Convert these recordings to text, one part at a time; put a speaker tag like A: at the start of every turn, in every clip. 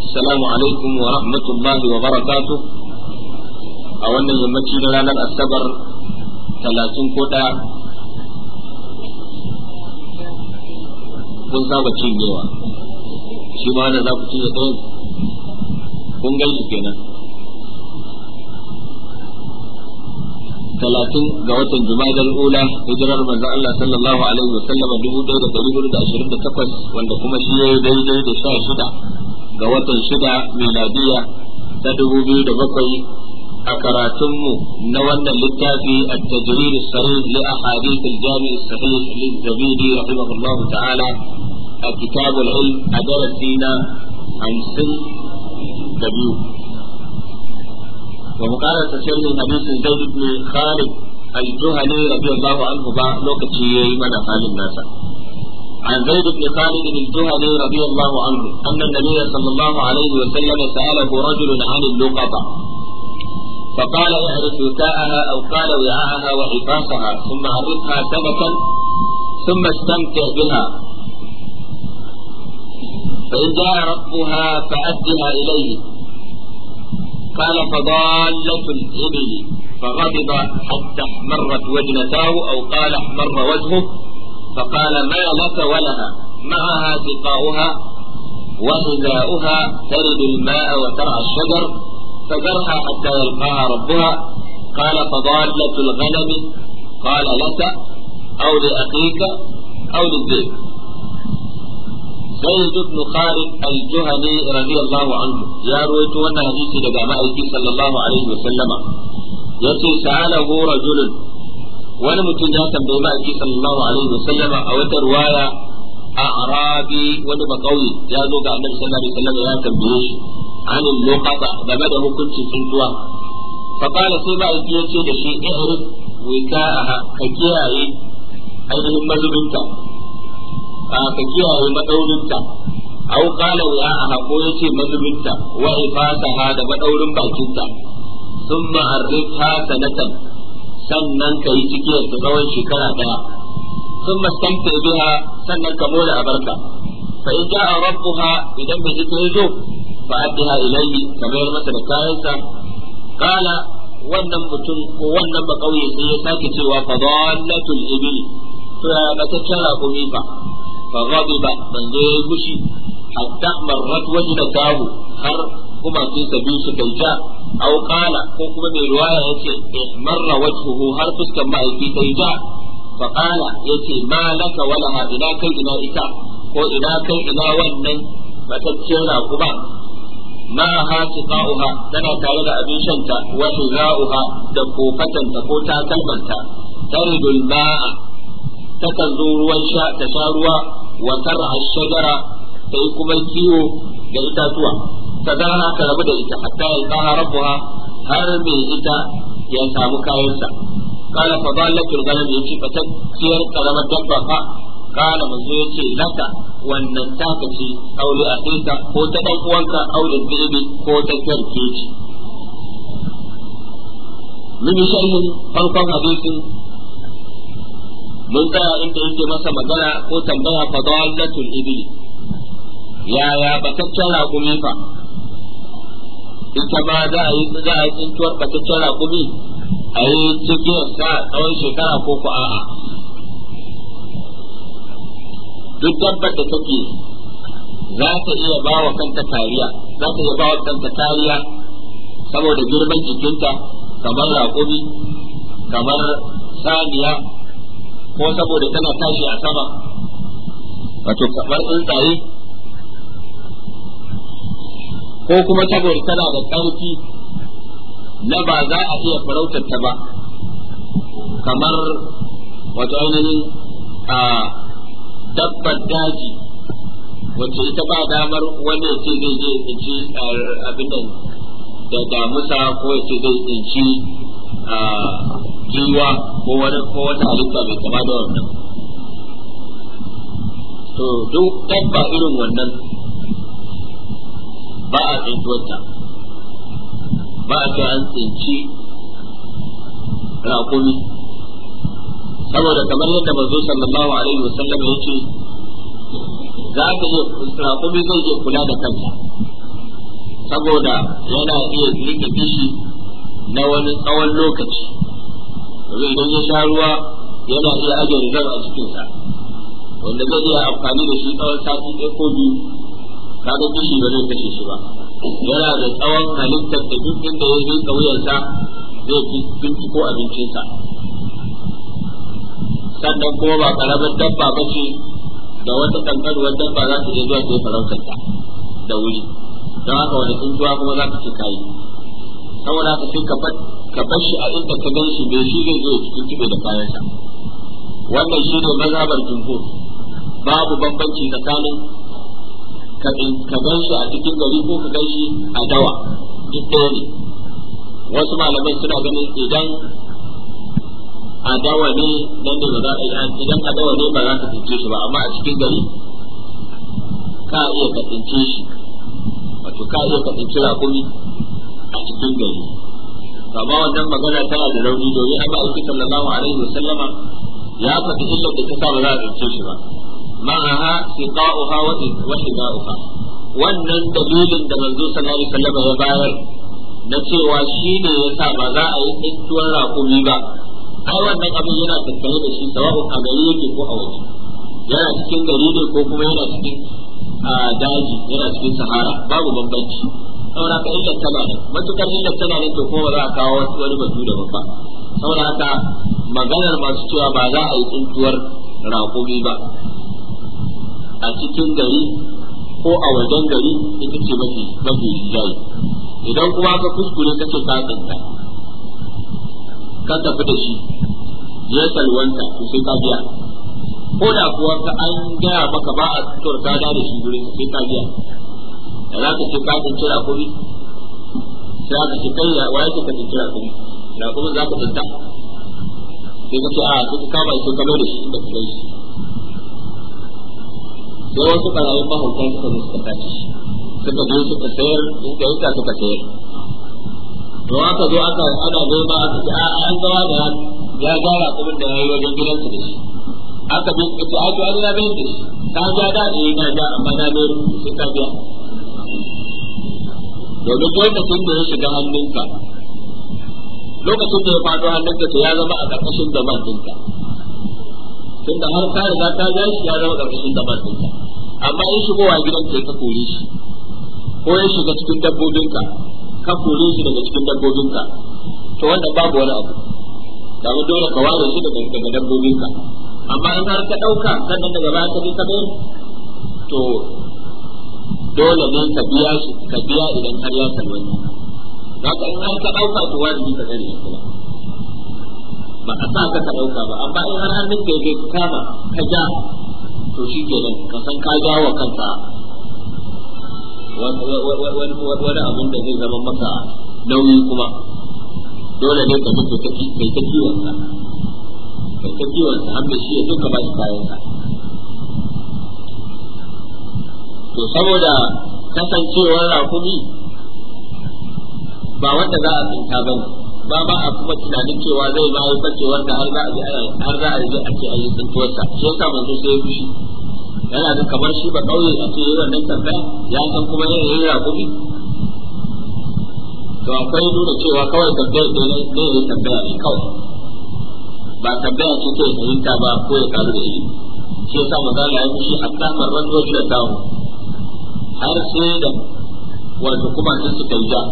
A: السلام عليكم a الله وبركاته أولا يمتي لنا السبر ثلاثين كوتا kun saba cinyewa shi ma da za ku cinye ɗayan kun gaishe kenan talatin ga watan jumadar ula hijirar manzo Allah sallallahu alaihi wa sallama dubu ɗaya da ɗari hudu ashirin da takwas wanda kuma shi ya yi daidai da sha shida ga watan shida miladiya ta dubu biyu da bakwai a karatunmu na wannan littafi a tajrir sarih li ahadith al-jami' sahih lil-zabidi rahimahullahu ta'ala a kitabul ilm a darasi na hamsin da biyu wa muqarata sharhin hadisin zaid ibn khalid al-juhani radiyallahu anhu ba lokaci yayi mana halin nasa عن زيد بن خالد الجهني رضي الله عنه أن النبي صلى الله عليه وسلم سأله رجل عن اللقطة فقال اعرف وكاءها أو قال وعاءها وعفافها ثم عرفها سنة ثم استمتع بها فإن جاء ربها فأدها إليه قال فضالة الإبل فغضب حتى احمرت وجنتاه أو قال احمر وجهه فقال ما لك ولها معها سقاؤها وغذاؤها ترد الماء وترعى الشجر فذرها حتى يلقاها ربها قال فضالة الغنم قال لك أو لأخيك أو للذئب زيد بن خالد الجهني رضي الله عنه يا رويت وانا حديثي لجماعة صلى الله عليه وسلم يأتي سأله رجل wani mutum ya tambayi ba ake sallallahu alaihi sallama a wata ruwaya a arabi wani bakauye ya zo ga annabi sallallahu alaihi sallama ya tambaye shi anil luqata game da hukuncin tsuntuwa fa kana sai ba ya ce da shi ihrib wika'aha ka kiyaye ainihin mazubinta ka kiyaye madaurinta aw qala aha ko ce mazubinta wa ifataha da madaurin bakinta ثم arrifha sanatan sannan ka yi cikiyar ta tsawon shekara daya sun mastanta biha sannan ka mola a barka fa in ja'a rabbuha idan bai ita yazo fa addiha ilayhi kamar masa da kayansa kala wannan mutum ko wannan ba kauye sai ya sake cewa fa dallatul ibil to ya ba ta kira ko mi fa fa ghadiba manzo yayi fushi hatta marrat wajhatahu har kuma sun sabi su kai ja aw qala ko kuma mai riwaya yace ihmarra eh, wajhuhu har fuskan ma'aiki ta yi ja fa qala yace ma laka wala ha ina kai ina ita ko ina kai ina wannan matacciyar raƙuma ma ha tiqa'uha tana tare da abin shanta wa hiza'uha da kofatanta ko takalmanta tarjul ma'a takan zo ruwan sha ta sha ruwa wa tar'a shajara sai kuma kiwo da itatuwa ta gana ta rabu da ita hatta ya tsara rabbuha har mai ita ya samu kayansa kala fa dalatul ghanam yace fa ta ciyar karamar dabba fa kala manzo yace laka wannan taka ce aure a ɗinka ko ta ɗan uwanka aure bibi ko ta kyarke ce min sharhin farkon hadisin mun tsaya inda yake masa magana ko tambaya fa dalatul ibli yaya bataccen raƙumi fa ita ma za a yi za a yi tsintuwar bataccen rakumi a yi cikin sa tsawon shekara ko ku a'a duk dabbar da take za ta iya ba wa kanta kariya za ta iya ba wa kanta kariya saboda girman jikinta kamar raƙumi kamar saniya ko saboda tana tashi a sama wato kamar tsuntsaye ko kuma saboda tana da ƙarfi na ba za a iya farautar ta ba kamar wato ainihin a dabbar daji wacce ita ba damar wani ya ce zai je ci abin nan da damusa ko ya ce zai ci jiwa ko wani ko halitta mai kama da wannan to duk dabba irin wannan ba a tsintuwarta ba a ce an tsinci raƙumi saboda kamar yadda manzo sallallahu alaihi wasallam ya ce za ka iya raƙumi zai iya kula da kansa saboda yana iya rike kishi na wani tsawon lokaci idan ya sha ruwa yana iya ajiye rigar a cikinsa wanda zai iya amfani da shi tsawon sati ɗaya ko biyu kaga kishi ba zai kashe shi ba yana da tsawon halittar da duk inda ya yi kauyensa zai fi ko abincinsa sannan kuma ba karamin dabba ba ce da wata kankanuwar dabba za ta je zuwa ta yi farautarta da wuri don haka wani tsuntsuwa kuma za ka ce kayi saboda haka sai ka bar shi a inda ka gan shi bai shi zai zo cikin tube da kayansa wannan shi ne mazhabar jumhur babu bambanci tsakanin ka gan shi a cikin gari ko ka gan shi a dawa duk ɗaya ne wasu malamai suna ganin idan a dawa ne nan da ba za a yi idan a dawa ne ba za ka tsince shi ba amma a cikin gari ka iya ka tsince shi wato ka iya ka tsince rakumi a cikin gari amma wannan magana tana da rauni domin an ba aiki sallallahu alaihi wa sallama ya faɗi illar da ta sa ba za a tsince shi ba معها siqa'uha wa wannan dalilin da manzo sallallahu alaihi wasallam ya bayar na cewa shi ne yasa ba za a yi tsintuwar raƙumi ba ai wannan abin yana tattare da shi sawa'un a gari yake ko a waje yana cikin gari ne ko kuma yana cikin daji yana cikin sahara babu bambanci saboda haka illar tana ne matukar illar tana ne to kuma za a kawo wasu wani batu da babba saboda haka maganar masu cewa ba za a yi tsintuwar raƙumi ba a cikin gari ko a wajen gari ita ce mafi mafi rinjaye idan kuma ka kuskure kace ka tsanta ka tafi da shi ya salwanta to sai ka biya ko da kuwa ka an gaya maka ba a tutar ka da shi gurin sai ka biya da za ka ce ka da kuri sai aka ce kai ya waye ka kuri rakuri kuma za ka tsanta sai ka ce a sai ka kama shi ka mai da shi inda ka mai shi sai wasu ɓarayin mahaukan suka zo suka tashi suka zo suka sayar suka yi suka sayar
B: to aka zo aka
A: ana noma aka ce a an gawa da ya gara kuma da yi wajen gidansu da shi aka bi ita a to an ya bayar da shi ta ja da ne eh, yi ja amma na bayar sai ta biya domin lokacin da ya shiga hannunka lokacin da ya faɗo hannunka to ya zama a ƙarƙashin gaban ɗinka tunda har ka riga ta ga shi ya zama da gaban ɗinka amma in shigowa gidan ka ka kore shi ko ya shiga cikin dabbobinka ka kore shi daga cikin dabbobinka to wanda babu wani abu mu dole ka ware shi daga daga dabbobinka amma in har ka ɗauka sannan daga baya ka bi ka bayar to dole ne ka biya shi ka biya idan har ya salwanta haka in har ka ɗauka to wajibi ka gani kuma ba a sa ka ɗauka dauka ba amma in har hannun ka yake kama ka ja to shi nan ka san ka ja wa kanka wani abun da zai zama maka nauyi kuma dole ne ka mutu kai ta kiwonsa kai ta kiwon har da shi ya duka ba shi kayansa to saboda kasancewar rakumi ba wanda za a tsinta ba ne ba ba a kuma tunanin cewa zai ba yi da har za a har za a yi a ce ayi tsuntuwarsa shi yasa manzo sai ya fushi yana da kamar shi ba kauye a ce yayin nan tambaya ya san kuma yin yayin raƙumi to akwai nuna cewa kawai tambaya ne ne ne tambaya ne kawai ba tambaya ce ke fahimta ba ko ya karu da ilimi shi yasa manzo Allah ya fushi a marwan zuwa da dawo har sai da wato kuma sun suka yi ja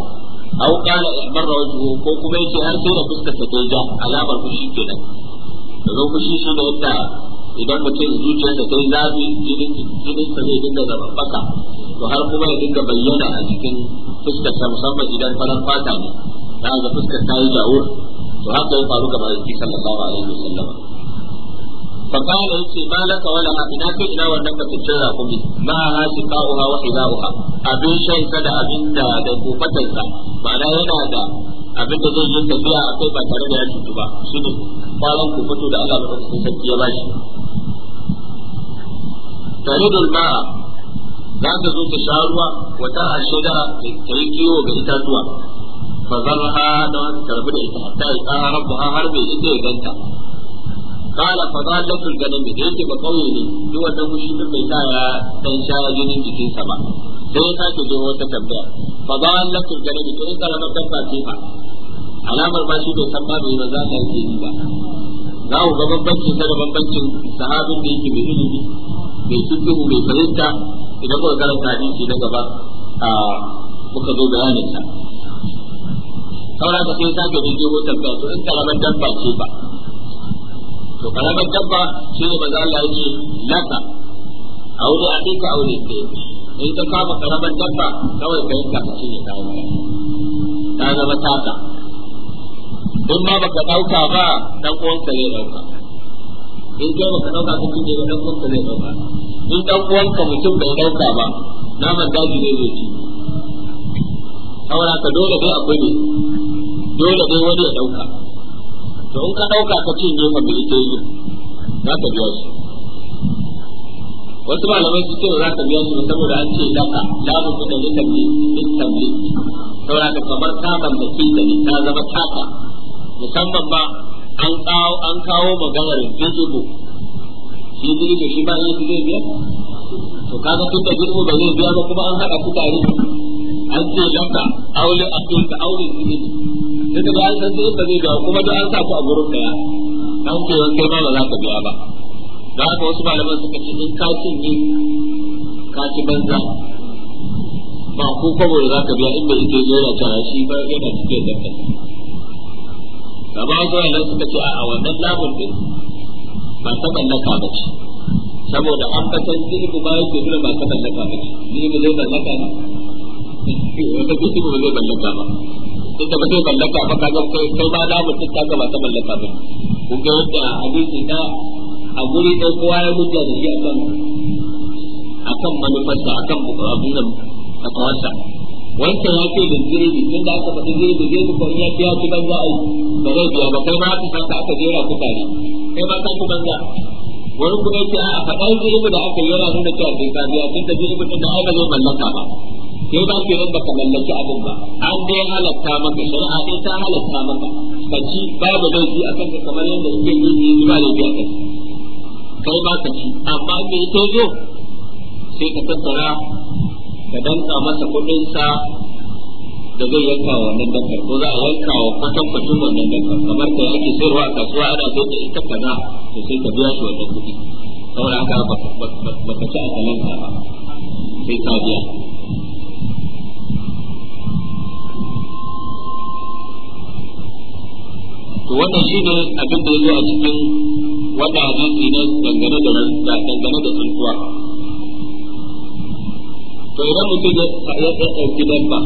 A: aw qala ihbarra wajhu ko kuma yace har sai da fuskar ta ja alamar fushi kenan da zo fushi shi da yadda idan mutum zuciyarsa ta yi zafi jinin jininsa zai dinga zababbaka to har kuma ya dinga bayyana a cikin fuskar ta musamman idan farar fata ne ta ga fuskar ta yi jawur to haka ya faru ga bayan a alaihi wasallam فقال يتي ما لك ولا ما إنا في إنا تجرى قمي ما ها وحذاؤها أبي شيء كذا أبن دا دقوفتك معنى هنا دا abin da zai yi tafiya a kai ba tare da ya cutu ba shi ne kwanan ku da Allah mai sarki ya bashi taridul ma'a za ka zo ta sha wata a shajara kiwo ga itatuwa da ita ta yi tsara har bai ita ya ganta qala fa dalatul ganim da yake ba kauye ne duk wannan fushi din bai sa ya san shaya jinin jikin sa sai ya sake zo wata tambaya fa dalatul ganim to in kana maka ba ce fa alamar ba shi bai san ba bai maza ta yi ba za ku ga bambancin sa da bambancin sahabin da yake mai ilimi mai fiqh mai fahimta idan kuka karanta hadisi na gaba a muka zo bayanin sa saura ka sai sake jirgin tambaya to in ba to karamar dabba shi ne maza Allah ya ce laka aure a ɗinka aure ke in ka kama karamar dabba kawai ka yanka ka cinye kayan ka ta zama taka in ma baka ɗauka ba dan uwanka ne ɗauka in kai baka ɗauka ka cinye ba dan uwanka ne ɗauka in dan uwanka mutum bai ɗauka ba naman daji ne zai ci saboda ka dole dai akwai ne dole dai wani ya ɗauka to in ka ɗauka ka cinye ka bi ita yi za ka biya shi wasu malamai su ce za ka biya shi saboda an ce daka lamun kuɗa ne tabbi duk tabbi saboda ka kamar ka mallaki da ni ta zama taka musamman ba an kawo an kawo maganar bijibu shi bijibu shi ba ne zai biya to kaga tun da bijibu ba zai biya ba kuma an haɗa su tare an ce laka aure a tun ka aure su ne duka da an san su yadda zai jawo kuma da an sa ku a gurin daya an ce wani kai ba za ka biya ba da haka wasu malaman suka ce in ka cinye ka ci banza ba ko kwabo da za ka biya inda ita zo da tara shi ba yana cikin zakka da ba zuwa nan suka ce a wannan labun din ba ta mallaka ba ce saboda an fatan zirgu ba ke nuna ba ta mallaka ba ce zirgu zai mallaka ne da kike ba zai mallaka ba tunda ba zai mallaka ba kaga kai kai ma da mutum kaga ba ta mallaka ba kun ga yadda hadisi da a guri ɗaya kowa ya mutu da shi akan akan manufarsa akan abin a kawarsa wancan ya ce bin girbi tun da aka faɗi girbi zai ko ya biya banza ai ba zai biya ba kai ma aka san aka jera ku tare kai ma ka ku banza wani kuma ce a faɗa girbi da aka yi yana nuna cewa bai ka biya tun da girbi da ai zai mallaka ba sai ba yi nan baka mallaki abin ba an dai halatta maka shari'a dai ta halatta maka ka ci babu laifi a kanka kamar yadda suke yi ne zuwa laifi a kanka kai ba ka ci amma me ita zo sai ka tattara ka danka masa kuɗin sa da zai yanka wa wannan dankar ko za a yanka wa kwatan kwatan wannan dankar kamar da yake sayarwa a kasuwa ana sai da ita kaza to sai ka biya shi wannan kuɗi saboda haka ba ka ci a kalanka ba sai ka biya to wannan shine abin da yazo a cikin wannan hadisi ne dangane da dangane da tsuntuwa to idan mutum ya ɗauki dabba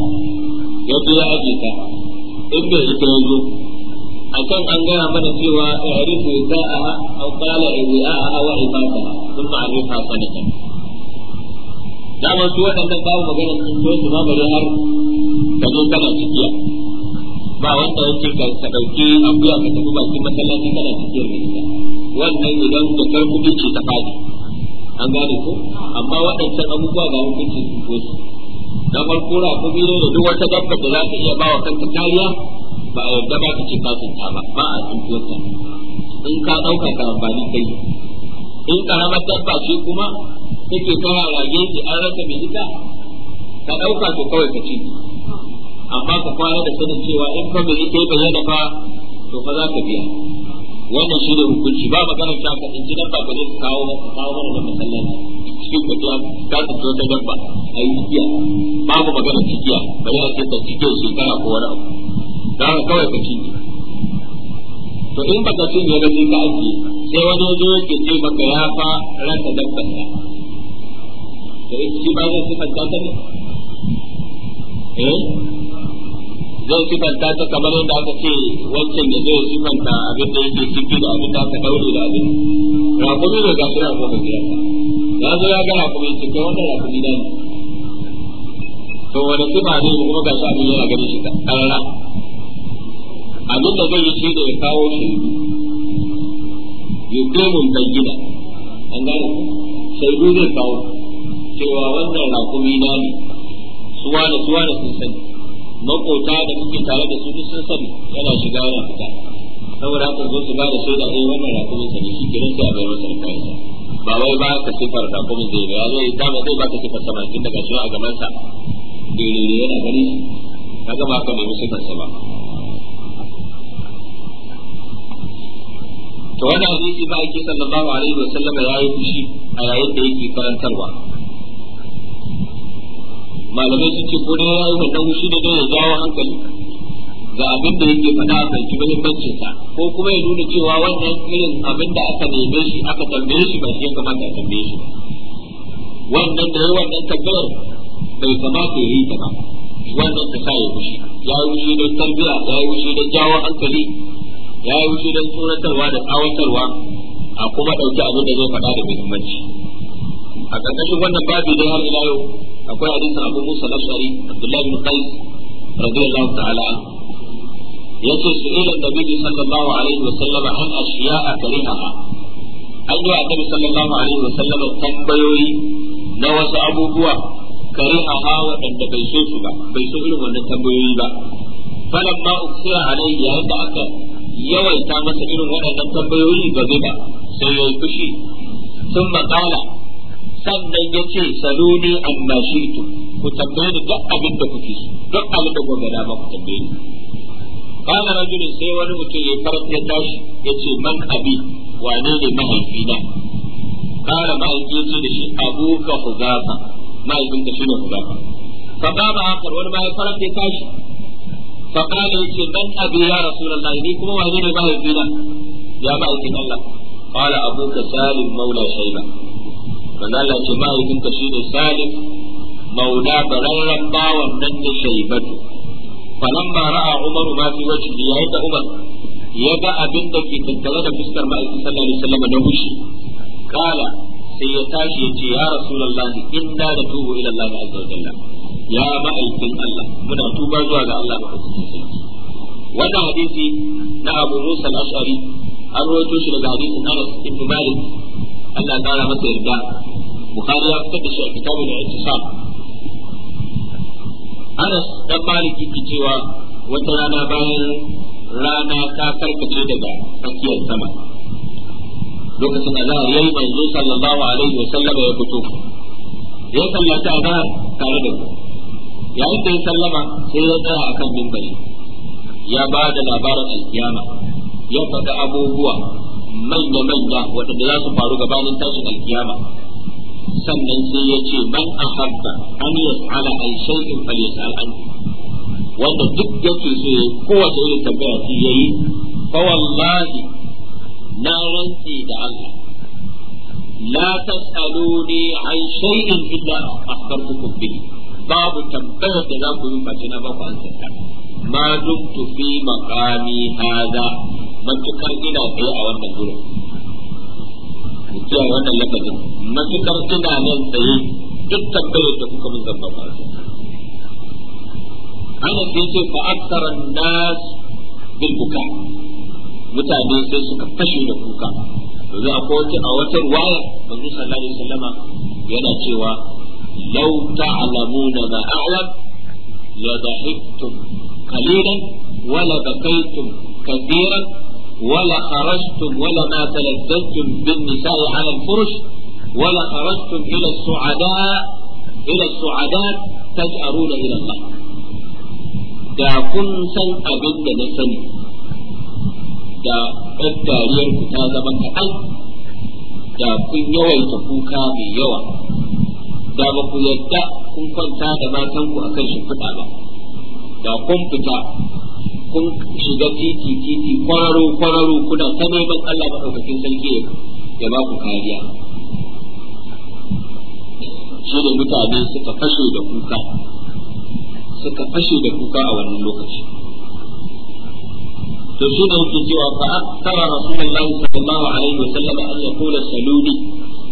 A: ya je ya aje ta in bai ita ya zo a can an gaya mana cewa ya rufe ta a an kala iwi a a hawa ifata sun ma rufa sanata dama su waɗannan babu magana sun zo su ma bari har ka zo kana cikiya ba wanda yake ka dauki abuwa ka tafi bakin masallaci kana tafiyar da ita wannan idan da kai kuɗi ce ta fadi an gane ko amma waɗancan abubuwa ga hukunci su ko su na farko ra ko biro da duk wata dabba da za ka iya wa kanka kariya ba a yarda ba ka ce ka tsinta ba ba a tsintuwarta in ka ɗauka ka amfani kai in karamar dabba ce kuma take kara rage ki an rasa mai ita ka ɗauka to kawai ka ci amma ka kwana da sanin cewa in ka bai ita yana fa to fa za ka biya wannan shi ne hukunci ba maganar ta ka ji dabba ka ne kawo maka kawo mana da masallaci cikin ka ta ka tsinci wata dabba a yi cikiya babu maganar cikiya ya ce ta shi shekara ko wani abu da ka kawai ka ci to in baka cinye da sai ka ake sai wani zo yake ce maka ya fa rasa dabbar ta to ita ce ba zai sifanta ta ne eh zai sifanta ta kamar yadda aka ce wancan ya zai sifanta abin da yake ciki da abin da aka daure da abin rakumi ne ga shirar ko gajiya ya zo ya ga rakumi ce kai wannan rakumi na ne to wani sifa ne kuma ga shi abin yana gani shi karara abin da zai yi shi da ya kawo shi yuqimun gida. an gane shaidu zai kawo cewa wannan rakumi na ne suwa da suwa da sun sani makota da kuke tare da su duk sun sani yana shiga yana fita saboda haka zo su ba da shaida eh wannan rakumin sa ne shi ke sai a bai masa da kayansa ba wai ba ka sifar rakumin zai ba zai dama zai ba ka sifar sama tun daga shi a gaban sa dirire eh, eh, eh, yana gani kaga ba ka nemi sifar ba to wannan hadisi ba yake sallallahu alaihi wasallam yayi fushi a yayin da yake karantarwa malamai sun ce ko dai ya yi wannan shi da zai jawo hankali ga abin da yake faɗa a kan muhimmancin sa ko kuma ya nuna cewa wannan irin abin da aka neme shi aka tambaye shi ba shi ya kamata a tambaye shi wannan da yawan nan tambayar bai kamata ya yi ta ba wannan ta sa ya fushi ya yi fushi don tarbiya ya yi fushi don jawo hankali ya yi fushi don tsoratarwa da tsawatarwa a kuma ɗauki abin da zai faɗa da muhimmanci a ƙarƙashin wannan babu dai har ila yau akwai hadisin Abu Musa al-Ashari Abdullah bin Qais radiyallahu ta'ala yace su ila Nabi sallallahu alaihi wa sallama an ashiya'a karihaha an yi annabi sallallahu alaihi wa sallama tambayoyi na wasu abubuwa karihaha waɗanda bai so su ba bai so irin wannan tambayoyi ba falan ma uksira alaihi yayin da aka yawaita masa irin waɗannan tambayoyi ba zai ba sai ya yi fushi sun maƙala sannan ya ce saluni an mashitu ku tambaye ni duk abin da kuke so duk abin da kuka dama ku tambaye ni kana rajulin sai wani mutum ya farat ya tashi ya ce man abi wane ne mahaifina kana mahaifi ya ce da shi abuka huzafa mahaifinta shi ne ku ba wani ya فقام آخر ولما يفرق يتاشي فقال يجي من أبي يا رسول الله لي كما وهدين ما يبينا يا مالك Allah قال أبوك سالم مولى شيبة manzo Allah ce mahaifin ka shine Salim maula bararran bawan nan da shaibatu falamma ra'a Umar ma fi wajhi yayin da Umar ya ga abin da ke tattare da fuskar ma'aikin sallallahu alaihi wasallam da hushi kala sai ya tashi ya ce ya rasulullahi inna da tubu ila Allah azza wa jalla ya ma'aikin Allah muna tuba zuwa ga Allah madaukakin sarki wannan hadisi na Abu Musa al-Ash'ari an rawaito shi daga hadisin Anas ibn Malik Allah ya kara masa yarda bukhari ya fitar da shi a da kitabul sa. Anas dan Malik yake cewa wata rana bayan rana ta karkace daga tsakiyar sama lokacin azhar yi manzo sallallahu alaihi wa sallam ya fito ya sallata azhar tare da ku. yayin da ya sallama sai ya tsaya akan mimbari ya ba da labarin alkiyama ya faɗi abubuwa manya-manya waɗanda za su faru gabanin tashin alkiyama sannan sai ya ce man ahabba an yas'ala an shay'in falyas'al an wanda duk yake so ya kowace irin tambaya shi yayi fa wallahi na rantsi da Allah la tas'aluni an shay'in illa akhbartukum bihi babu tambayar da za ku yi face na baku an sanda ma dumtu fi maqami hadha matukar ina tsaye a wannan gurin kiyaye wannan lafazin matukar ina nan tsaye duk tambayar da kuka mun zamba ba ana sai ce fa aksara nas bil buka mutane sai suka fashe da kuka yanzu akwai a wata ruwaya manzo sallallahu alaihi wasallama yana cewa law ta'lamuna ma a'lam la dhahiktum qalilan wa la bakaytum kathiran ولا خرجتم ولا ما تلذذتم بالنساء على الفرش ولا خرجتم إلى السعداء إلى السعداء تجأرون إلى الله da kun san abin da na sani da ɗan ku ta zama kaɗan da kun yawaita kuka mai yawa da ba yarda yadda kun kwanta da matanku a kan shimfiɗa ba da kun fita kun shiga titi titi kwararo kwararo kuna ta neman Allah madaukakin sarki ya ba ku kariya shi da mutane suka fashe da kuka suka fashe da kuka a wannan lokaci to shi da yake cewa fa aktsara rasulullahi sallallahu alaihi wa sallam an yaqula saluni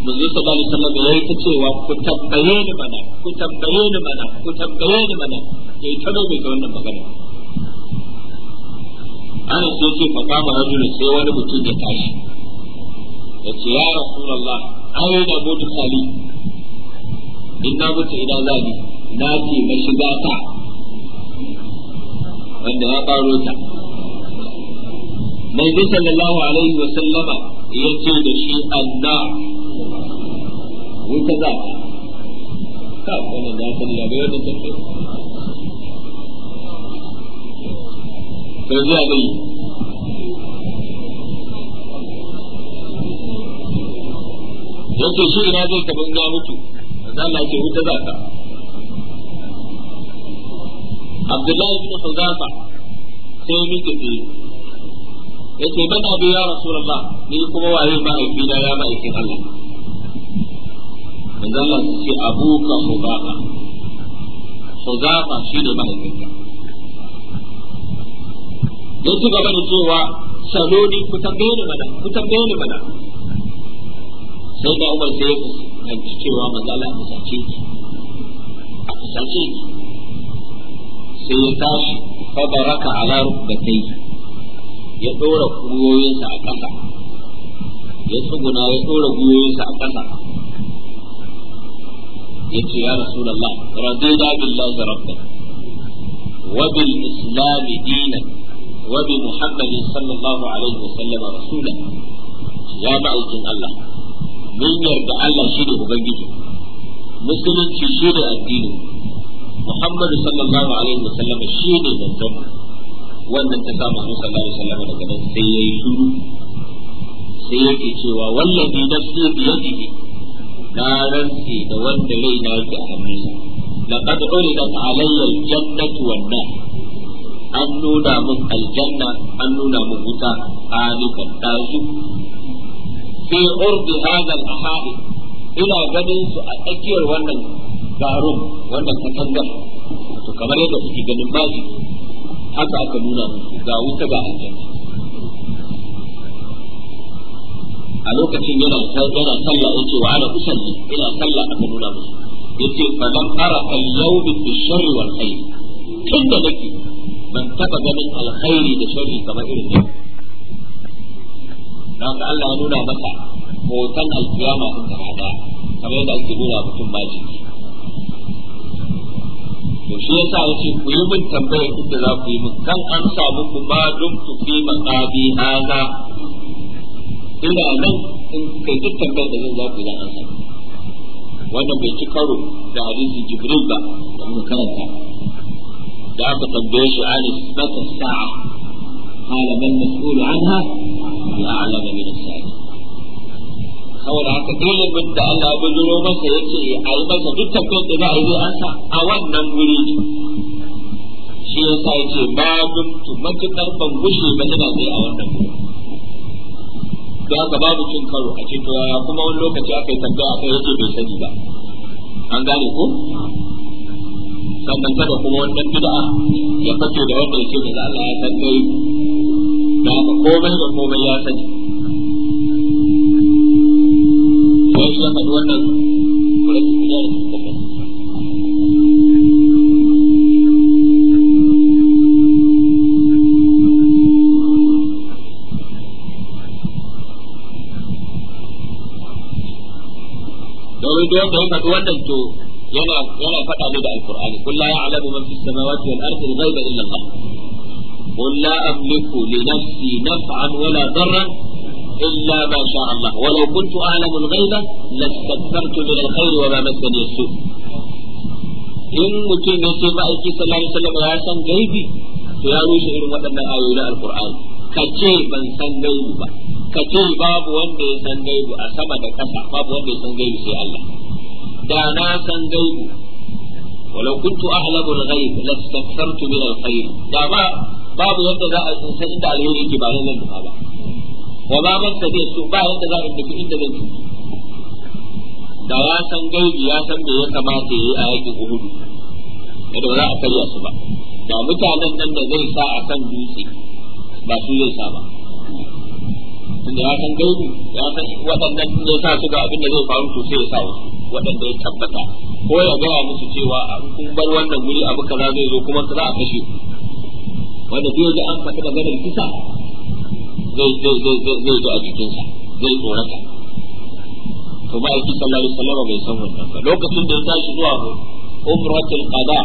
A: manzo sallallahu alaihi wasallam ya yi ta cewa ku tabbaye ni mana ku tabbaye ni mana ku tabbaye ni mana yayi ta mai ta wannan magana ana so ce fa kama rajulu sai wani mutum ya tashi ya ce ya rasulullah aina mutu sali in na mutu ina zabi na ce mashiga ta wanda ya faro ta manzo sallallahu alaihi wa sallama ya ce da shi anna wuta za ka wannan da ta ne ga yadda take to yanzu ya zai yace shi ina zai tafi ya mutu manzo Allah yake wuta za ka Abdullahi bin Huzafa sai ya miƙe yace ban abi ya rasulullah ni kuma waye mahaifi na ya mahaifin Allah manzo Allah ce abuka Huzafa Huzafa shi ne mahaifinka ya ci gaba da cewa saloni ku tambaye ni mana ku tambaye ni mana sai da Umar sai ya ji cewa manzo Allah ya sace ki a sace ki sai ya tashi fa baraka ala rukbatai ya dora kuyoyinsa a ƙasa ya tsuguna ya dora kuyoyinsa a ƙasa yace ya rasu da rasulullah radina billahi rabban wa bil islam dinan وبمحمد صلى الله عليه وسلم رسولا يا مأوكين الله من يرجع الله شيء وبنجي مسلم في شيء الدين محمد صلى الله عليه وسلم شيء من wannan ta samu Musa sallallahu alaihi wasallam daga nan sai yayi shiru sai yake cewa wallahi nafsi bi yadihi na rantsi da wanda rai na yake a hannunsa laqad uridat alayya al-jannatu wan-nar an nuna min aljanna an nuna min wuta halikan dazu fi urdi hadha al-ahadi ina ganin su a tsakiyar wannan garum wannan katangar to kamar yadda kuke ganin baji haka aka nuna musu ga wuta ga aljanna a lokacin yana yana sallah yace wa ala usalli ina sallah aka nuna musu yace fa lam ara al-yawm bi sharri wal khair tunda nake ban taba ganin alkhairi da sharri kamar irin ne don ka Allah ya nuna masa hoton alkiyama din ta hada kamar yadda ake nuna mutum baji to shi yasa ce ku yi min tambaya inda za ku yi min kan an samu ku ma dum tu fi maqabi hada ina nan in kai duk tambayar da zan za ku yi an samu wannan bai ci karo da hadisi jibril ba da muka karanta da aka tambaye shi an isbata sa'a qala man mas'ul anha ya'lam min as-sa'i saboda haka ilimin da Allah ya zuro masa yace a yi masa duk tambayar da za a yi zai ansa a wannan guri ne shi yasa ce ba dumtu matukar ban gushe ba ina sai a wannan guri da haka babu cin karo a cikin kuma wani lokaci aka yi tambaya aka yace bai sani ba an gane ko sannan kada kuma wannan bid'a ya fito da wanda yake da Allah ya san kai da ba komai da komai ya sani sai ya faɗi wannan kula da bid'a domin da wanda ya faɗi wannan to yana yana faɗa ne da alqur'ani qul la ya'lamu man fis samawati wal ardi al-ghaiba illa Allah قل لا أملك لنفسي نفعا ولا ضرا إلا ما شاء الله ولو كنت أعلم الغيب لاستكثرت من الخير وما مسني السوء in mutum ya ce ma'aiki sallallahu alaihi wasallam ya san gaibi to ya rushe irin waɗannan ayoyi na alqur'ani ka ce ban san gaibi ba ka ce babu wanda ya san gaibi a sama da ƙasa babu wanda ya san gaibi sai Allah da na san gaibu walau kuntu ahlamu al-ghaib lastakthartu min al-khair da ba babu yadda za a san inda alheri ke ba nan nan ba wa ba man tabi su ba yadda za a tafi inda zan ci da ya san gaibi ya san me ya kamata yayi a yakin uhudu yadda ba za a karya su ba da mutanen nan da zai sa a kan dutse ba su zai sa ba tunda ya san gaibi ya san waɗannan zai sa su ga abin da zai faru to sai ya sa wasu waɗanda ya tabbata ko ya gaya musu cewa kun bar wannan guri abu kaza zai zo kuma za a kashe wanda duk ji an faɗi maganar kisa zai zai zai zai zo a jikinsa zai tsorata to ba yake sallallahu alaihi wasallam bai san wannan ba lokacin da ya tashi zuwa umratul qada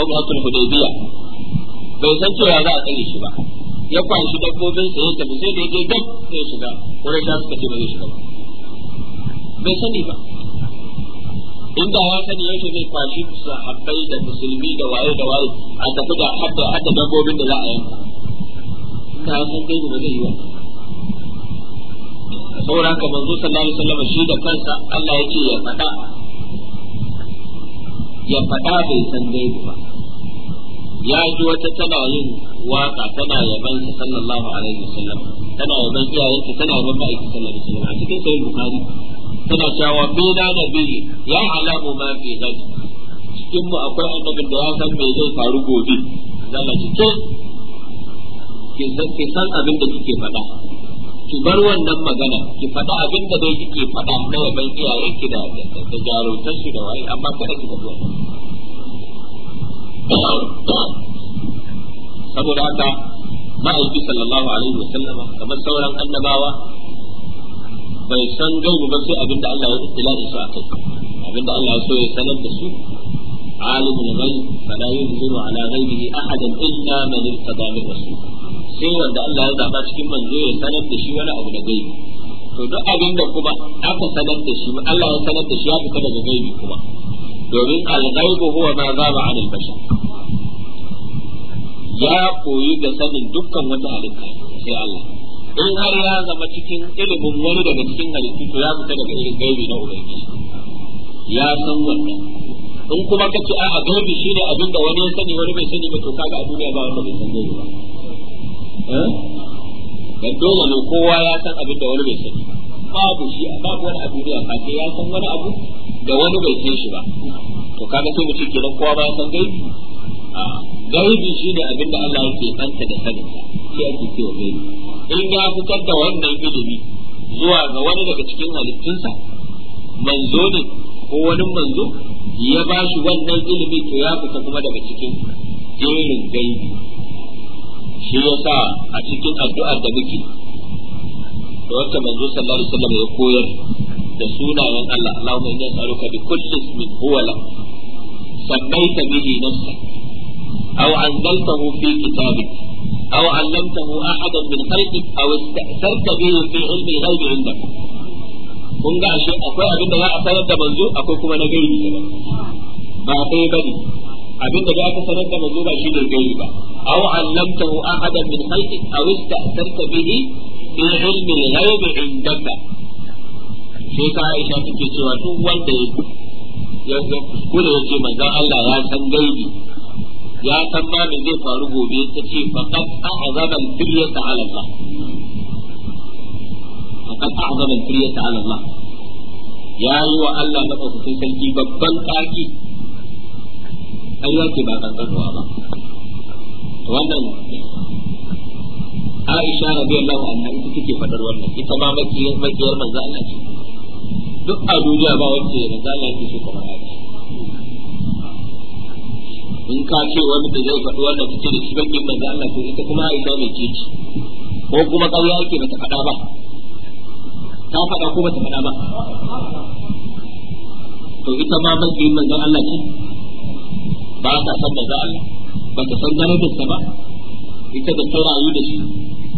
A: umratul hudaybiya bai san cewa za a tsare shi ba ya kwashi dabbobin sa ya tafi sai da yake gab sai shiga wurin da suka ce ba zai shiga ba bai sani ba inda ya sani yake zai kwashi sahabbai da musulmi da waye da waye a tafi da hadda hadda dabbobin da za a yanka ka san dai ba zai yi ba saboda haka manzo sallallahu alaihi wasallam shi da kansa Allah yake ya fada ya faɗa bai san dai ba ya ji wata tana yin waka tana yaban sallallahu alaihi wasallam tana yaban iyayenta tana yaban ma'aikata sallallahu alaihi wasallam a cikin sahih bukhari suna cewa bina da bihi ya alamu ma fi gadi cikin mu akwai annabin da ya san me zai faru gobe zalla cike ki san abin da kike faɗa ki bar wannan magana ki faɗa abin da bai kike faɗa na yaban iyaye ki da da jarumtar shi da waye amma kada ki faɗi saboda haka ma'aiki sallallahu alaihi wa kamar sauran annabawa bai san gaibu ba sai abinda Allah ya istilahi su kai, abinda Allah ya so ya sanar da su عالم الغيب فلا يظهر على غيبه احدا الا من ارتضى من رسول sai wanda Allah ya zaba cikin manzo ya sanar da shi wani abu da gaibi to duk abinda kuma aka sanar da shi Allah ya sanar da shi ya fita daga gaibi kuma domin al-ghaibu huwa ma zaba an al-bashar ya koyi da sanin dukkan wata halitta sai Allah in har ya zama cikin ilimin wani daga cikin halittu to ya fita daga irin gaibi na ubangiji ya san wannan in kuma ka ce a gaibi shine abin da wani ya sani wani bai sani ba to kaga a duniya ba wanda bai san gaibi ba eh? dan dole ne kowa ya san abin da wani bai sani babu shi a babu wani a duniya ka ce ya san wani abu da wani bai san shi ba to kaga sai mu ce kenan kowa ba ya san gaibi a gaibi shine abin da Allah yake tsanta da sanin sa shi ake cewa gaibi in ya fitar da wannan ilimi zuwa ga wani daga cikin halittunsa manzo ne ko wani manzo ya ba shi wannan ilimi to ya fita kuma daga cikin jerin gaibi shi ya sa a cikin addu'ar da muke da wata manzo sallallahu alaihi wasallam ya koyar da sunayen Allah Allahumma inna nas'aluka bi kulli ismin huwa lak sabbaita bihi nafsak aw anzaltahu fi kitabika أو علمته أحدا من خلقك أو استأثرت به في علم الغيب عندك kun ga ashe akwai abin da za a sanar da manzo akwai kuma na gaibi ba sai bane abin da za ka sanar da manzo ba shi ne gaibi ba aw allamtahu ahadan min khalqik aw ista'tarta bihi fi ilmi al-ghaib indaka sai ka Aisha take cewa duk wanda ya kuskure ya ce manzon Allah ya san gaibi ya san ma zai faru gobe ta ce faqad a azaban firyata 'ala Allah faqad a'zama al-firyata ya yi wa Allah madaukakin sarki babban an ƙarya ce ba ruwa ba wannan Aisha radiyallahu nan, ita take faɗar wannan ita ma makiyar manzana ce duk a duniya ba wacce manzana Allah shi so kamar Aisha in ka ce wani da zai faɗi wannan kuke da shi bakin manzo Allah ko ita kuma Aisha mai ce ci ko kuma ƙauya yake bata faɗa ba ta faɗa ko bata faɗa ba to ita ma bakin manzo Allah ce ba ta san manzo Allah ba ta san darajarsa ba ita da ta rayu da shi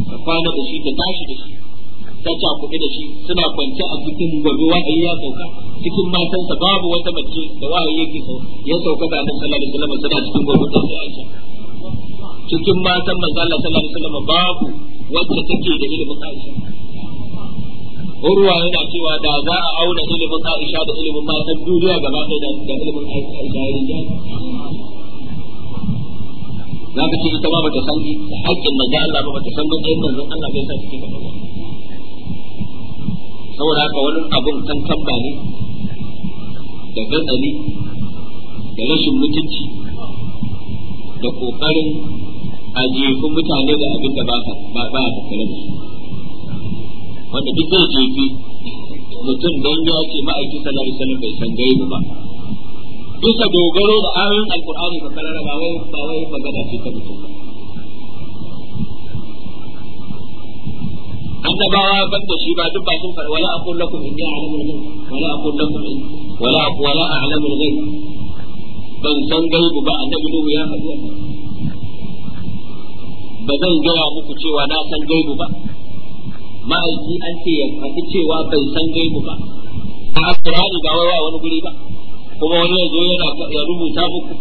A: ta kwana da shi ta tashi da shi ta cakuɗe da shi suna kwance a cikin gwargo wahayi ya sauka cikin matansa babu wata mace da wahayi yake ya sauka ga annabi sallallahu alaihi wasallam suna cikin gwargo ta Aisha cikin matan manzo Allah sallallahu alaihi wasallam babu wacce take da ilimin Aisha Urwa yana cewa da za a auna ilimin Aisha da ilimin matan duniya gaba ɗaya da ilimin Aisha ya za ka ce ita ma ta san haƙƙin manzo Allah ba ta san matsayin Allah bai sa take ba saboda haka wani abun kan tamba ne da gatsali da rashin mutunci da kokarin a jefin mutane da abin da ba a tattare da su wanda duk zai jefi mutum don ya ce ma'aiki sallallahu alaihi bai san gai ba bisa dogaro da ayoyin alkur'ani ba karara ba wai ba wai magana ce ta mutum ba annabawa ban da shi ba duk ba sun fara wala aqul lakum inni a'lamu al-ghaib wala aqul ban san gaibu ba annabi ya ba zan gaya muku cewa na san gaibu ba ma'aiki an ce ya faɗi cewa bai san gaibu ba a alƙur'ani ba wai wani guri ba kuma wani ya zo yana ya rubuta muku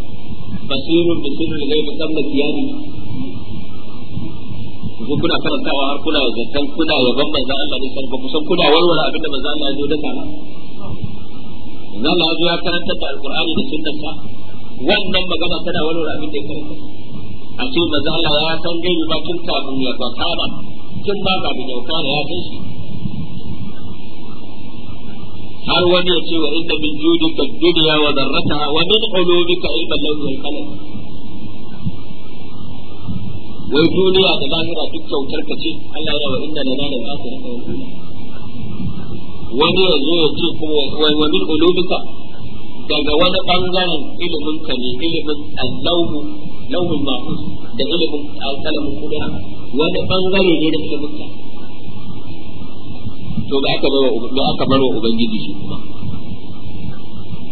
A: basirun bisirul gaibi kamar kiyami ku kuna karantawa har kuna zaton, kuna yaban manzan Allah ne san ba kusan kuna walwala abinda manzan Allah ya zo da kana manzan Allah ya zo ya karanta da alqur'ani da sunnarsa wannan magana tana walwala abinda ya karanta a ce manzan Allah ya san gani ba kin ta buya ba kana kin ba ga da yauka ya san shi har wani ya ce wa inda min ka dunya wa darrataha wa min ulumika ilman lawl wal qalam wai duniya da lahira duk kyautar ka ce Allah ya wa da na da su wal ula wani ya zo ya ce kuma wa wani ulubika daga wani bangaren ilimin ka ne ilimin allahu lauhul mahfuz da ilimin alkalamin kudura wani bangare ne da ilimin ka to da aka bar da aka bar ubangiji shi kuma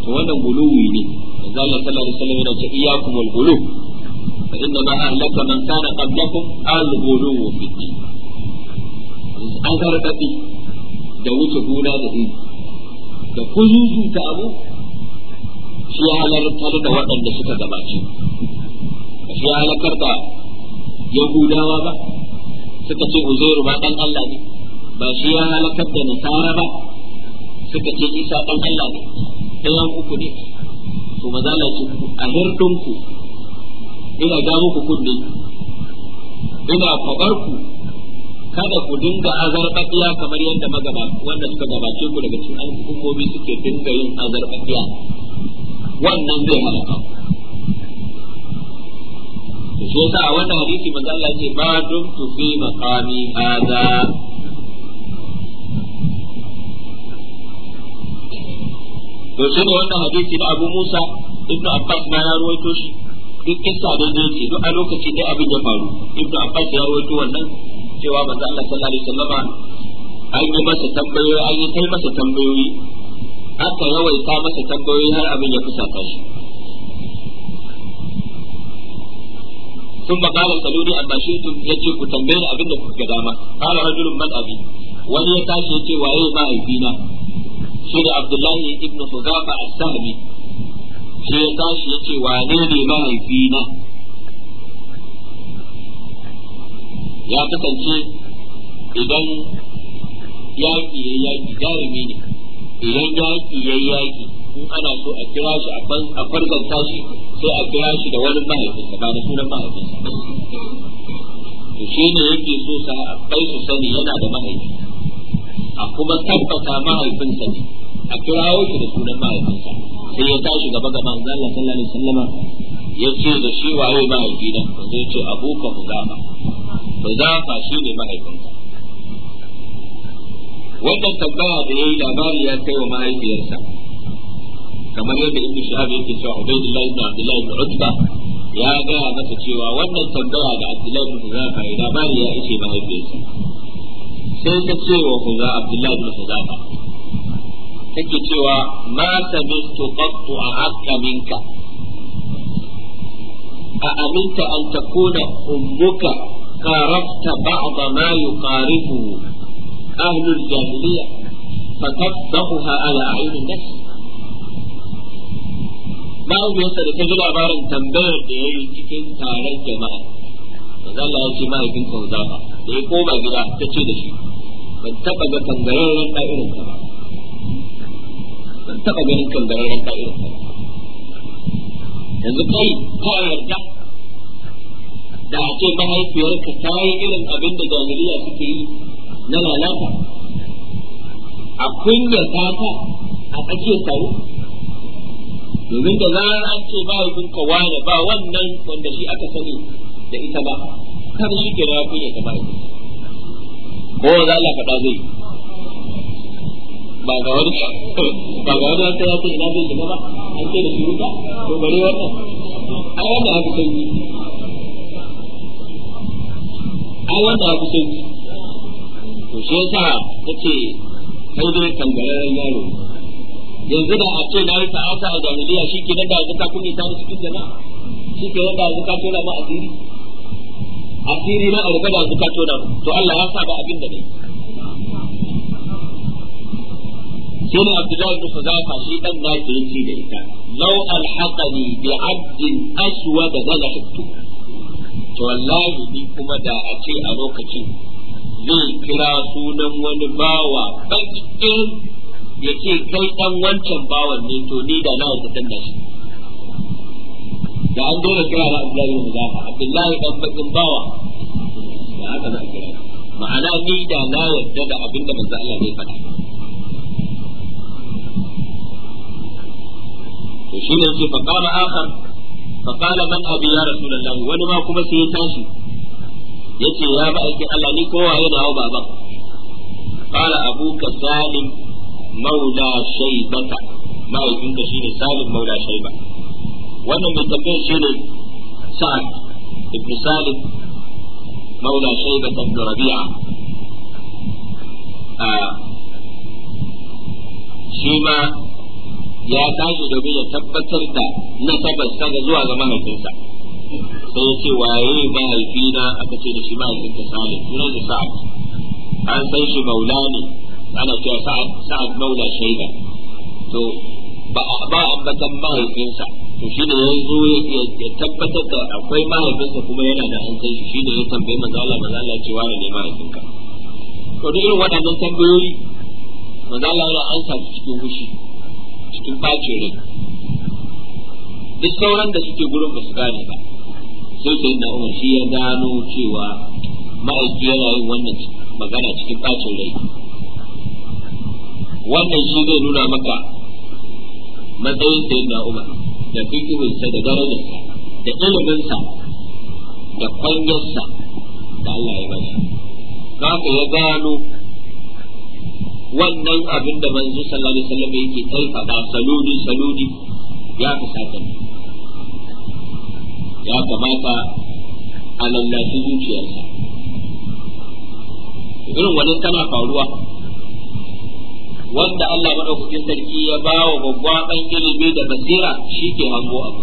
A: to wannan guluwi ne zalla sallallahu alaihi wasallam yana ce iyyakumul guluw فإنما أهلك من كان قبلكم الغلو في الدين an karkaɗe da wuce gona da ɗin da kuzuzu ta abu shi ya halartar da waɗanda suka gabace shi ya halakar da yahudawa ba suka ce uzairu ba ɗan Allah ne ba shi ya halakar da nasara ba suka ce isa ɗan Allah ne ɗayan uku ne to maza ce a hirɗinku ina ja muku kunne ina faɗar ku kada ku dinga azarbaɗiya kamar yadda magaba wanda suka gabace ku daga cikin hukumomi suke dinga yin azarbaɗiya wannan zai halaka ku shi yasa a wannan hadisi manzo Allah ce ba dum tu fi maqami hada to shi ne wannan hadisi da Abu Musa ibn Abbas ma ya ruwaito shi duk kisa don zuci duk a lokaci dai abin ya faru ibnu abbas ya rawaito wannan cewa manzo Allah sallallahu alaihi wasallama an yi masa tambayoyi an yi kai masa tambayoyi aka yawaita masa tambayoyi har abin ya fusata shi ثم قال سلوني أما شئتم يجب تنبين أبن كدامة قال رجل من أبي ولي تاشي يجي وأي ما أبينا شير عبد الله ابن حذافة السهمي sai ya tashi ya ce wane ne mahaifina ya kasance idan yaƙi ya yaƙi jarumi ne idan yaƙi ya yaƙi in ana so a kira shi a farganta shi sai a kira shi da wani mahaifinsa ba da sunan mahaifinsa to shi ne yake so sa a kai su sani yana da mahaifi a kuma tabbata mahaifinsa ne a kirawo shi da sunan mahaifinsa sai ya tashi gaba ga manzo Allah sallallahu alaihi wasallama ya ce da shi waye mahaifina manzo ya ce abuka hudafa hudafa shi ne mahaifinsa wannan tabbaya da yayi labari ya kai wa mahaifiyarsa kamar yadda ibn shahab yake cewa ubaydullah ibn abdullah ibn utba ya gaya masa cewa wannan tabbaya da abdullah ibn hudafa ya labari ya ishe mahaifiyarsa sai ta ce wa huzafa abdullah ibn huzafa take cewa ma samistu qattu ahqqa minka a aminta an takuna ummuka qarafta ba'd ma yuqaribu ahlul jahiliya fatafdahuha ala a'yunin nas mahaifiyarsa da ta ji labarin tambayar da ya yi cikin taron jama'a manzo Allah ya ce mahaifin kauza ba da ya koma gida ta ce da shi ban taba ga kangararren da irin ka ba ban taɓa ganin kangararren ɗan irin yanzu kai ka yarda da a ce mahaifiyarka ta yi irin abin da jahiliya suke yi na lalata a kunyar ta a tsakiyar taro domin da zarar an ce ba yakin kowa da ba wannan wanda shi aka sani da ita ba kar shi ke ya kunya ta ba ko za Allah faɗa zai ba ga wani ba ga wani wata ya ce ina zai shiga ba an ce da shi wuta to bare wannan ai wannan abu sauki ai wannan abu sauki to shi yasa ta ce sai dai tambayar yaro yanzu da a ce na yi sa'ata a jami'a shi ke nan da yanzu ta kuma ta cikin jama'a shi ke nan da yanzu ta tona ma asiri asiri na a riga da yanzu ta tona to Allah ya sa ba abin da bai sai ne Abdullahi ibn Huzafa shi dan ma kirci da ita law alhaqani bi 'abdin aswad la lahtu to wallahi ni kuma da a ce a lokacin zai kira sunan wani bawa bakin ya ce kai dan wancan bawan ne to ni da na hukutan da shi da an dole kira da Abdullahi Abdullahi bawa ma'ana ni da na da abinda zai faɗa to shi ne yake faqama akhar faqala man abi ya rasulullah wani ma kuma sai ya tashi ya ce ya ba aikin Allah ni kowa yana hawa baba qala ka salim maula shaybata ka shine salim maula shayba wannan mai tambayar shine sa'ad ibn salim maula shaybata ibn rabi'a ah, shi ma ya tashi domin ya tabbatar da nasabar sa zuwa ga mahaifinsa sai ya ce waye mahaifina aka ce da shi mahaifinka Sale? sunan da sa'ad an san shi maula ne ana cewa sa'ad maula shaida to ba a ba ambatan mahaifinsa to shi ne yanzu ya tabbatar da akwai mahaifinsa kuma yana da an san shi shi ne ya tambayi mazala mazala ce wane ne mahaifinka to duk irin waɗannan tambayoyi mazala yana an sa cikin fushi cikin bacin rai duk sauran da suke gurin ba su gane ba sai sai na umar shi ya gano cewa ma'aiki yana yin wannan magana cikin bacin rai wannan shi zai nuna maka matsayin sai na umar da fikihunsa da darajarsa da iliminsa da kwanyarsa da Allah ya bashi. Za ka ya gano wannan abin da manzo sallallahu alaihi wasallam yake kai fada saludi saludi ya fusata ya kamata a lallafi zuciyarsa irin wani tana faruwa wanda Allah madaukakin sarki ya ba wa ɗan ilimi da basira shi ke hango abu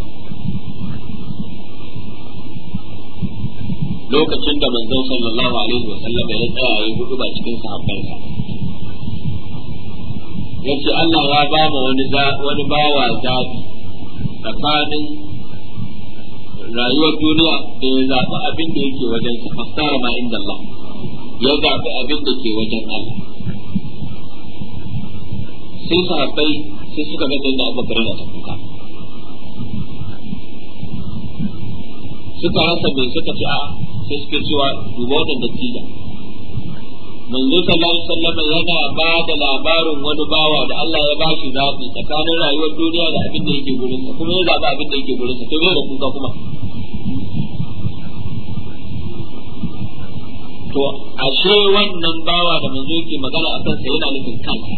A: lokacin da manzon sallallahu alaihi wasallam ya tsaya ya hudu ba cikin sahabbansa yace Allah ya ba mu wani wani bawa zabi tsakanin rayuwar duniya da ya zaɓi abin da yake wajen sa fasara ma inda Allah ya zaɓi abin da ke wajen Allah sai sahabbai sai suka ga da Abu Bakar da suka rasa mai suka ce a sai suke cewa duba da dattijan manzo sallallahu alaihi wasallam yana ba da labarin wani bawa da Allah ya bashi zaɓi tsakanin rayuwar duniya da abin da yake gurin sa kuma ya zaba abin da yake gurin sa to me da kuka kuma to ashe wannan bawa da manzo yake magana akan sa yana nufin kansa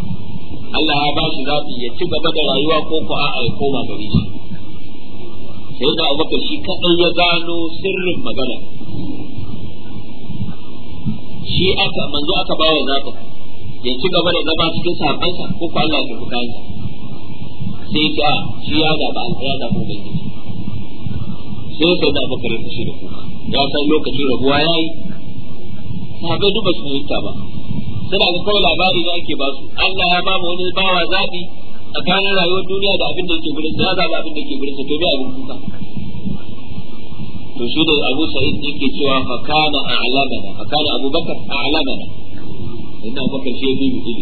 A: Allah ya bashi zaɓi ya ci gaba da rayuwa ko ko a ya koma gari shi sai da Abubakar shi kadai ya gano sirrin magana shi aka manzo aka ba wa zaɓin ya ci gaba da zama cikin sahabbansa ko ko Allah ya buƙa shi sai ya ah, shi ya zaɓa ya zaɓa ubangiji sai sai da abubakar ya fashe da kuka ya san lokacin rabuwa ya yi sahabbai duk ba su fahimta ba suna ga kawai labari ne ake ba su Allah ya ba mu wani bawa zaɓi tsakanin rayuwar duniya da abin da yake gurin sai ya zaɓa abin da yake gurin sai to bai abin kuka to shi da Abu Sa'id ke cewa fa kana a'lamana fa kana Abu Bakar a'lamana inna Abu Bakar shi yake ilimi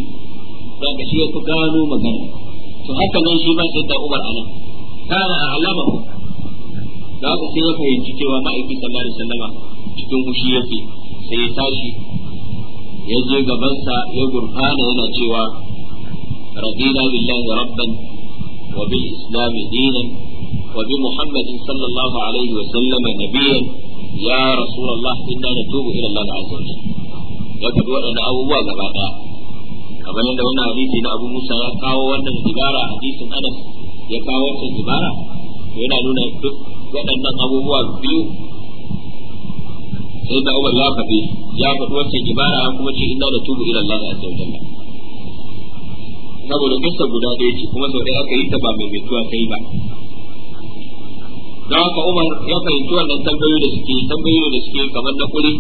A: dan shi ya fi gano magana to haka nan shi ma sai da Umar anan kana a'lamahu da haka sai ya fahimci cewa ma'aiki sallallahu alaihi wasallama cikin hushi yake sai ya tashi ya je sa ya gurfana yana cewa rabban بالله ربا وبالإسلام دينا وبمحمد صلى الله عليه وسلم نبيا يا رسول الله إنا نتوب إلى الله عز وجل يقول أن أبو kamar yadda wannan hadisi na Abu Musa ya kawo wannan zibara hadisin Anas ya kawo wannan zibara to yana nuna duk waɗannan abubuwa biyu sai da Umar ya faɗi ya faɗi wannan zibara an kuma ce inna da tubu ila Allah azza wa jalla saboda kissa guda ɗaya ce kuma sau ɗaya aka yi ta ba mai mutuwa kai ba don haka Umar ya fahimci wannan tambayo da suke tambayo da suke kamar na kuri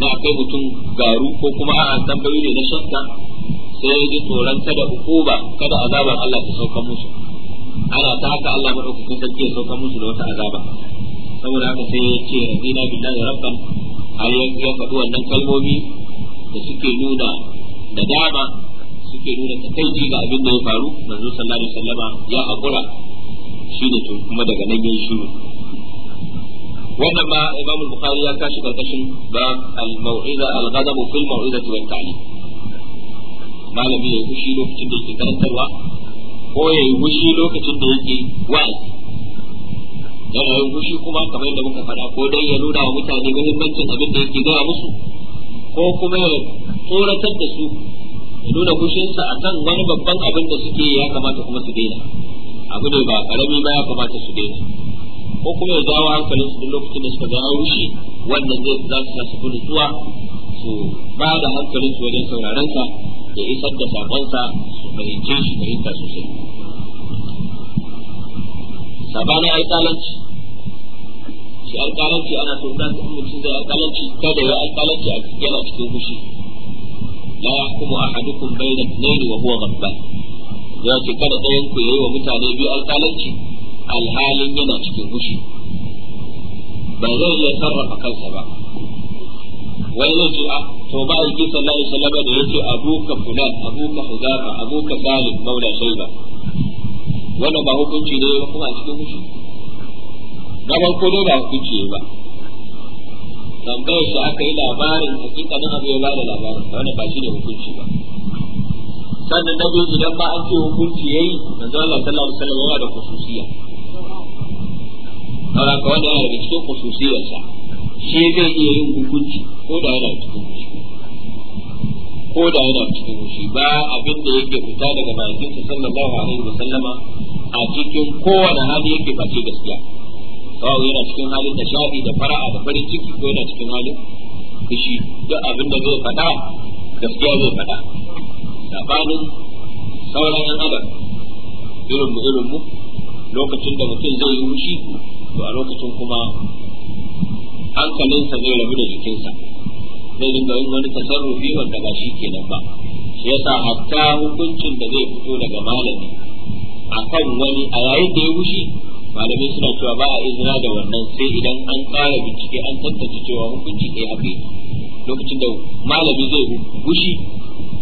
A: na kai mutum garu ko kuma a tambayo ne na shakka sai ya ji tsoron kada hukuma kada azabar Allah ta sauka musu ana ta haka Allah madaukakin sarki ya sauka musu da wata azaba saboda haka sai ya ce radina billahi rabban har ya faɗi wannan kalmomi da suke nuna da dama suke nuna takaici ga abin da ya faru manzo sallallahu alaihi wasallama ya hakura shi ne tun kuma daga nan yin shiru wannan ma Imam Bukhari ya kashi karkashin ba al-mau'iza al ghadab fil mau'iza wa ta'lim malami ya gushi lokacin da yake karantarwa ko ya yi gushi lokacin da yake wa'azi yana yin gushi kuma kamar yadda muka faɗa ko dai ya nuna wa mutane muhimmancin abin da yake gaya musu ko kuma ya tsoratar da su ya nuna gushinsa kan wani babban abin da suke ya kamata kuma su daina abu ne ba karami ba ya kamata su daina ko kuma ya dawo hankalin su duk lokacin da suka ga an rushe wannan zai za su su fi su ba da hankalin su wajen sauraron da isar da sakonsa su fahimce shi fahimta sosai sabanin alƙalanci shi alƙalanci ana so da mutum zai alƙalanci kada ya alƙalanci yana cikin fushi la yahkumu ahadukum bayna ithnayn wa huwa ghaffal ya ce kada ɗayan ku yayi wa mutane biyu alƙalanci alhalin yana cikin fushi ba zai iya sarrafa kansa ba wai zai ce a ah, to ba yake sallallahu alaihi wasallam da yake ka fulan abuka abu ka salim maula shayba wannan ba hukunci ne ba kuma a cikin fushi gaban ko dai ba hukunci ba tambayar shi aka yi labarin hakikanin abu ya ba da labarin wannan ba shi ne hukunci ba sannan na biyu idan ba an ce hukunci ya yi, manzo Allah sallallahu alaihi wasallam yana da khususiyya kawai ka wanda yana da cikin khususiyarsa shi zai iya yin hukunci ko da yana cikin hukunci ko da yana cikin hukunci ba abin da yake fita daga bakin sa sallallahu alaihi wasallama a cikin kowane hali yake face gaskiya kawai yana cikin halin da shafi da fara'a da farin ciki ko yana cikin halin fushi duk abin da zai faɗa gaskiya zai faɗa sabanin sauran yan adam irin mu irin mu lokacin da mutum zai yi rushi to a lokacin kuma hankalinsa zai rabu da jikinsa zai dinga yin wani tasarrufi wanda ba shi kenan ba shi yasa hatta hukuncin da zai fito daga malami akan wani a yayin da ya rushi malamai suna cewa ba a izina da wannan sai idan an tsara bincike an tantance cewa hukunci ɗaya haka lokacin da malami zai rushi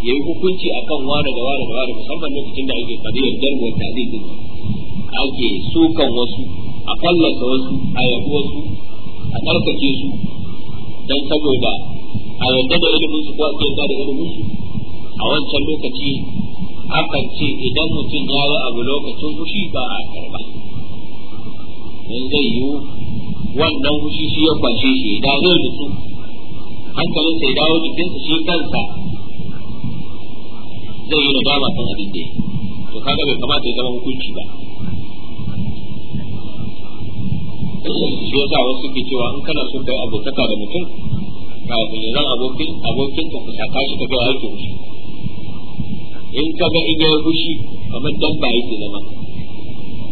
A: yayi hukunci akan wani da wani da wani musamman lokacin da ake kadiyar darbo ta zai ake sukan wasu a fallasa wasu a yabi wasu a tsarkake su don saboda a yadda da ilimin su ko a da ilimin su a wancan lokaci akan ce idan mutum ya yi abu lokacin fushi ba a karba in zai yiwu wannan fushi shi ya kwashe shi da zai mutu hankalinsa ya dawo jikinsa shi kansa zai yi nadama kan abin da to kaga bai kamata ya zama hukunci ba shi yasa wasu ke cewa in kana son kai abokata da mutum kafin ya zan abokin abokin ka saka shi ka ga yake shi in ka ga in ya yi fushi kamar dabba yake zama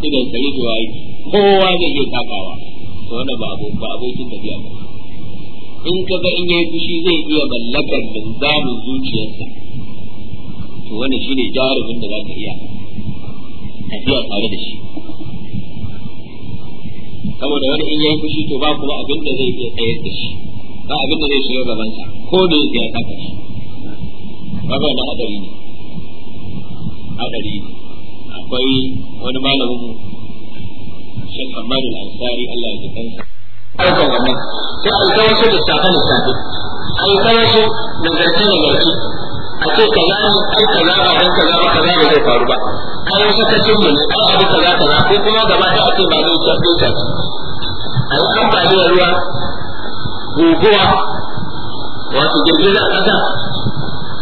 A: idan sai zuwa yi kowa zai iya takawa to wannan ba abokin ba abokin tafiya ba in ka ga in yayi fushi zai iya mallakar da zamu zuciyarsa to wani shi ne jarumin da za ka iya tafiya tare da shi saboda wani in yayi fushi to ba kuma abin da zai iya tsayar da shi ba abin da zai shiga gabansa ko da yake ya saka shi ba ba na hadari ne hadari akwai wani malamin mu Sheikh Ahmad Al-Ansari Allah ya jikansa aikin wannan sai an kawo shi da safa da safe an kawo shi da zarce da zarce a ce kai an kaza ba an kaza ba kaza ba zai faru ba an yi sakacin mu ne an abu kaza kaza ko kuma gaba da ake ba zai shafi shafi a yi ambaliyar ruwa guguwa wato girgizar kasa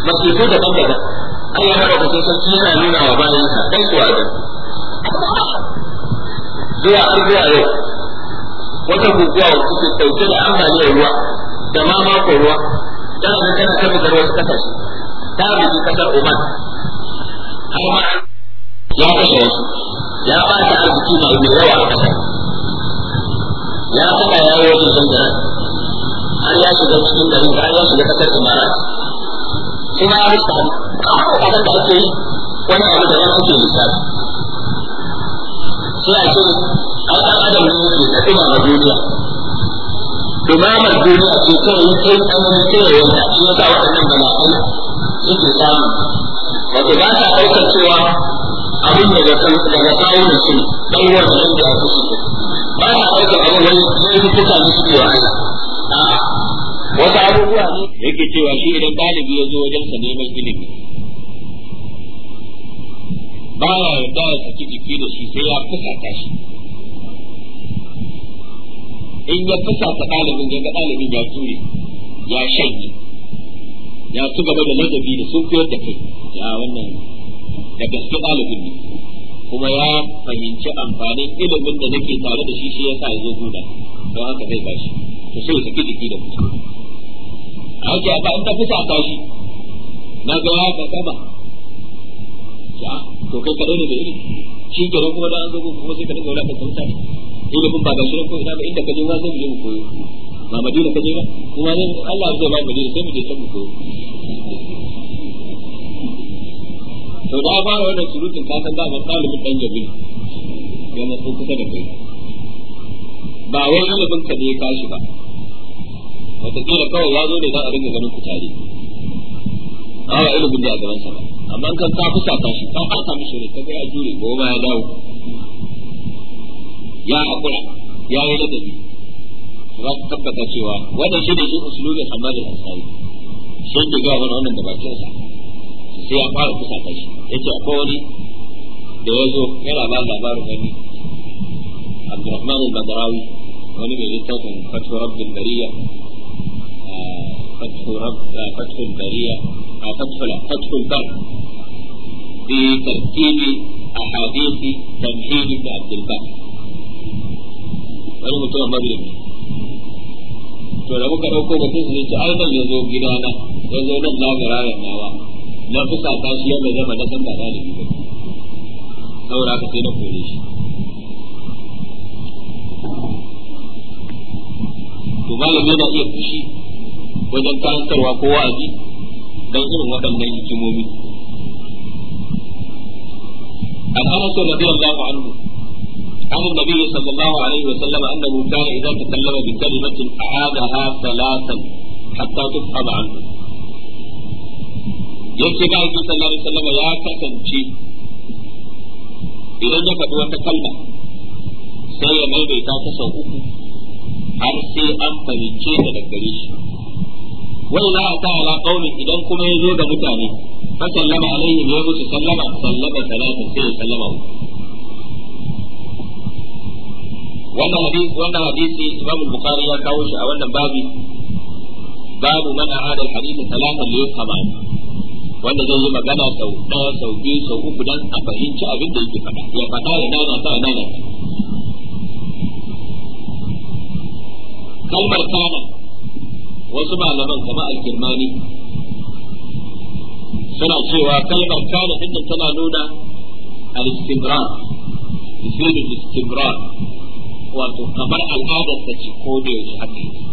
A: masifu daban daban Allah ya rabu sarki yana nuna wa bayansa dan kuwa da zuwa har zuwa yau wata guguwa wacce ke ɗauke da ambaliyar ruwa da ma mako ruwa dan da kana tabbata wasu kasashe ta rubu kasar Oman har ma ya kashe wasu ya ba ta arziki mai mai yawa a kasar ya saka ya yi wajen zanzara har ya shiga cikin garin har ya shiga kasar Imara kuma ya A kasar da ake yi wani abu da ya ke lissafi sai a ce a ɗan adam ne ke ta ɗumama duniya ɗumamar duniya ce kawai sai an yi kewayen da shi ya sa waɗannan ba na yake samu wato ba ta ɗaukar cewa abin da ga kan daga kawunan su dan wani yake a kusa ba ta ɗaukar abin ya sai suka ji su wa wata abubuwa ne yake cewa shi idan ɗalibi ya zo wajen sa neman ilimi ba ya yarda ya saki jiki da shi sai ya fusata shi in ya fusata ɗalibin ya ga ɗalibin ya ture ya shanye ya ci gaba da ladabi da sun fiyar da kai ya wannan da gaske ɗalibin ne kuma ya fahimci amfanin ilimin da nake tare da shi shi yasa ya zo guda don haka zai bashi to sai ya saki jiki da mutum a haka ya in ta kusa ta shi na ga ya ka saba to kai kaɗai ne da ilimi shi kenan kuma da an zo kuma sai ka dinga wadatar da ne ilimin ba ga shi ko ina ba inda ka je ma zai mu je mu koyo ba madina ka je ba kuma ne Allah zai ba madina sai mu je ta muku to da fara wannan surutun ka san dama talibin dan jabi ya matso kusa da kai ba wai alibin ka ne ka shi ba wataƙila kawai ya zo ne za a ringa ganin ku tare ba wa ilimin da a gaban sa ba amma kan ka fusa ta shi ka ɓata mishi ne ka ga ya jure gobe ya dawo ya haƙura ya yi ladabi za su tabbata cewa wannan shi ne usulubin hamadin ansari sai da gawa wani wannan da bakinsa sai ya fara kusa ta shi ya akwai wani da ya zo yana ba labarin wani abdurrahman al-badarawi wani mai littafin fatu rabbin bariya فتح رب فتح البرية فتح فتح البر في ترتيب أحاديث تمهيد عبد البر. أنا متوهم مبلغ to da muka dauko batun su ce ai nan ya zo gidana ya zo nan na ga rayar nawa na fusa ta shi yadda zai ba da san ba dalibi ba saboda haka sai na kore shi to malam yana iya fushi wajen karantarwa ko wa'azi dan irin waɗannan hikimomi an ana na anas radiyallahu anhu عن النبي صلى الله عليه وسلم أنه كان إذا تكلم بكلمة أعادها ثلاثا حتى تفهم عنه yace ga aiki sallallahu alaihi wasallam ya kasance idan ya faɗi wata kalma sai ya maimaita ta sau uku har sai an fahimce ta da gare wai za a sa idan kuma ya zo mutane fa sallama ya musu sallama sallama sai ya sallama wannan hadisi wannan hadisi Imam Bukhari ya kawo shi a wannan babi babu mana hadal hadith talatan li yafhama wanda zai yi magana sau ɗaya sau biyu sau uku dan a fahimci abin da yake faɗa ya faɗa ya nana ta nana kalmar kana wasu malaman kamar alkirmani suna cewa kalmar kana din tana nuna al-istimrar istimrar wato kamar al'adar ta ce ko da yaushe haka yake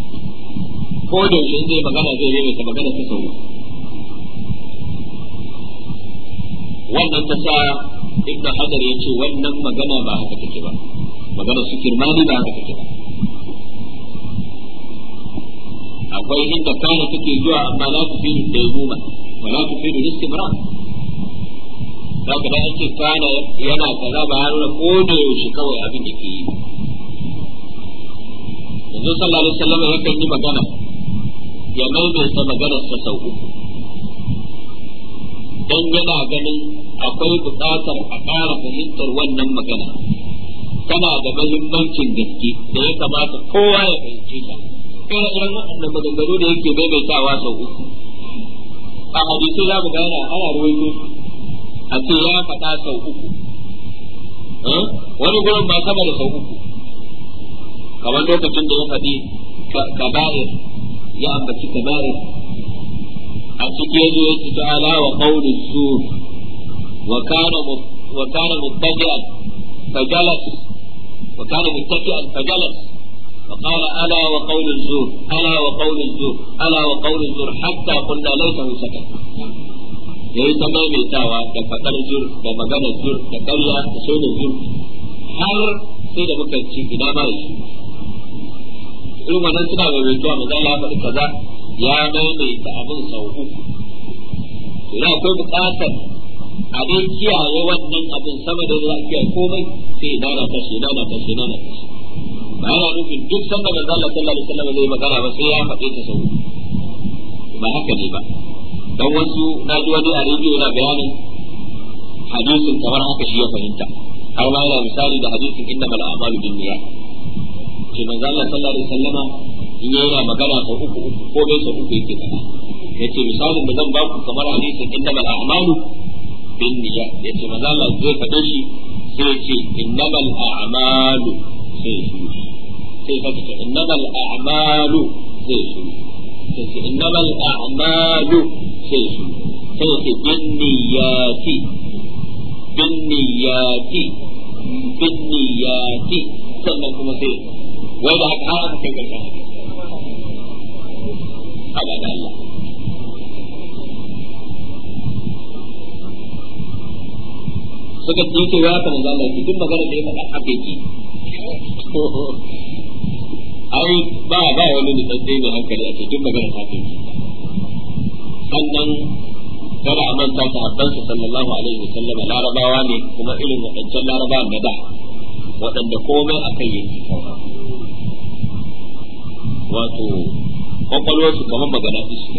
A: ko da yaushe in zai magana zai yi ta magana ta sauri wannan ta sa ibn hadar ya ce wannan magana ba haka take ba magana su kirmani ba haka take ba akwai inda kana take zuwa amma la fi da yi ba tufidu istimrar fi da ake kana yana kaza ba har ko da yaushe kawai abin da ke yi yanzu sallallahu alaihi wasallam yakan yi magana ya maimaita maganar sa sau uku dan yana ganin akwai buƙatar a ƙara fahimtar wannan magana tana da mahimmancin gaske da ya kamata kowa ya fahimce ta ire-iren waɗannan maganganu da yake maimaitawa sau uku a hadisi za mu gane ana ruwaito a ce ya faɗa sau uku eh? wani gurin ba sama da sau uku kamar lokacin da ya faɗi kaba'ir ya ambaci kaba'ir a cikin yazo ya ci ta'ala wa qawli sur wa kana wa kana muttaqi'an fajalas wa kana wa fajalas فقال ألا wa الزور ألا وقول wa ألا وقول hatta حتى قلنا ليته سكت ya yi ta maimaitawa da faɗar zur da maganar zur da ƙarya da shaidar zur har sai da muka ci ina ma yi irin wannan suna maimaituwa maza Allah ya faɗi kaza ya maimaita abin sau uku ina akwai buƙatar a dai kiyaye wannan abin sama da za a kiyaye komai sai dana ta shi dana ta shi dana ba yana nufin duk sanda maza Allah sallallahu alaihi wasallam zai magana ba sai ya faɗi ta sau ba haka ne ba dan wasu na ji wani a rediyo yana bayanin hadisin kamar haka shi ya fahimta har ma yana misali da hadisin innamal a'malu niyyah ce manzo Allah sallallahu alaihi wasallama in yayi na magana sau uku uku ko bai sau uku yake ya yace misalin da zan baku kamar hadisin innamal a'malu bin niyya yace manzo Allah zai faɗe shi sai yace innamal a'malu sai shi sai ka ce innamal a'malu sai shi sai ce innamal a'malu sai shi sai ce bin niyyati bin niyyati bin niyyati sannan kuma sai wai da aka hawa sai ka sha haba da Allah suka ji ce ya ta manzo Allah duk magana da ya faɗa haka yake ai ba ba wani da sai mai hankali a ce duk magana ta kai sannan kada a manta ta abbansa sallallahu alaihi wasallam larabawa ne kuma irin waɗancan larabawa na da waɗanda komai a akan yake wato kwakwalwar su kamar magana su su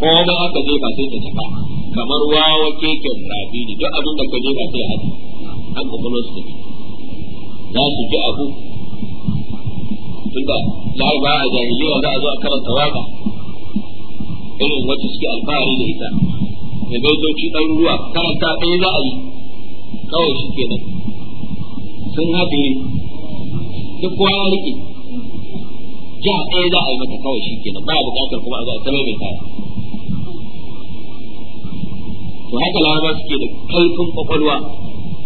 A: take ko da aka je ba sai ta cika kamar wawa keken rabi ne duk abin da ka je ba sai haka an kwakwalwar su take za su ji abu tunda laraba a jahiliya za a zo a karanta waka irin wacce suke alfahari da ita da gaitoci ɗaruruwa karanta ɗaya za a yi kawai shi kenan sun haɗe duk kowa ya riƙe ja ɗaya za a yi mata kawai shi kenan ba buƙatar kuma a zo a samai mai kaya to haka laraba suke da kalfin kwakwalwa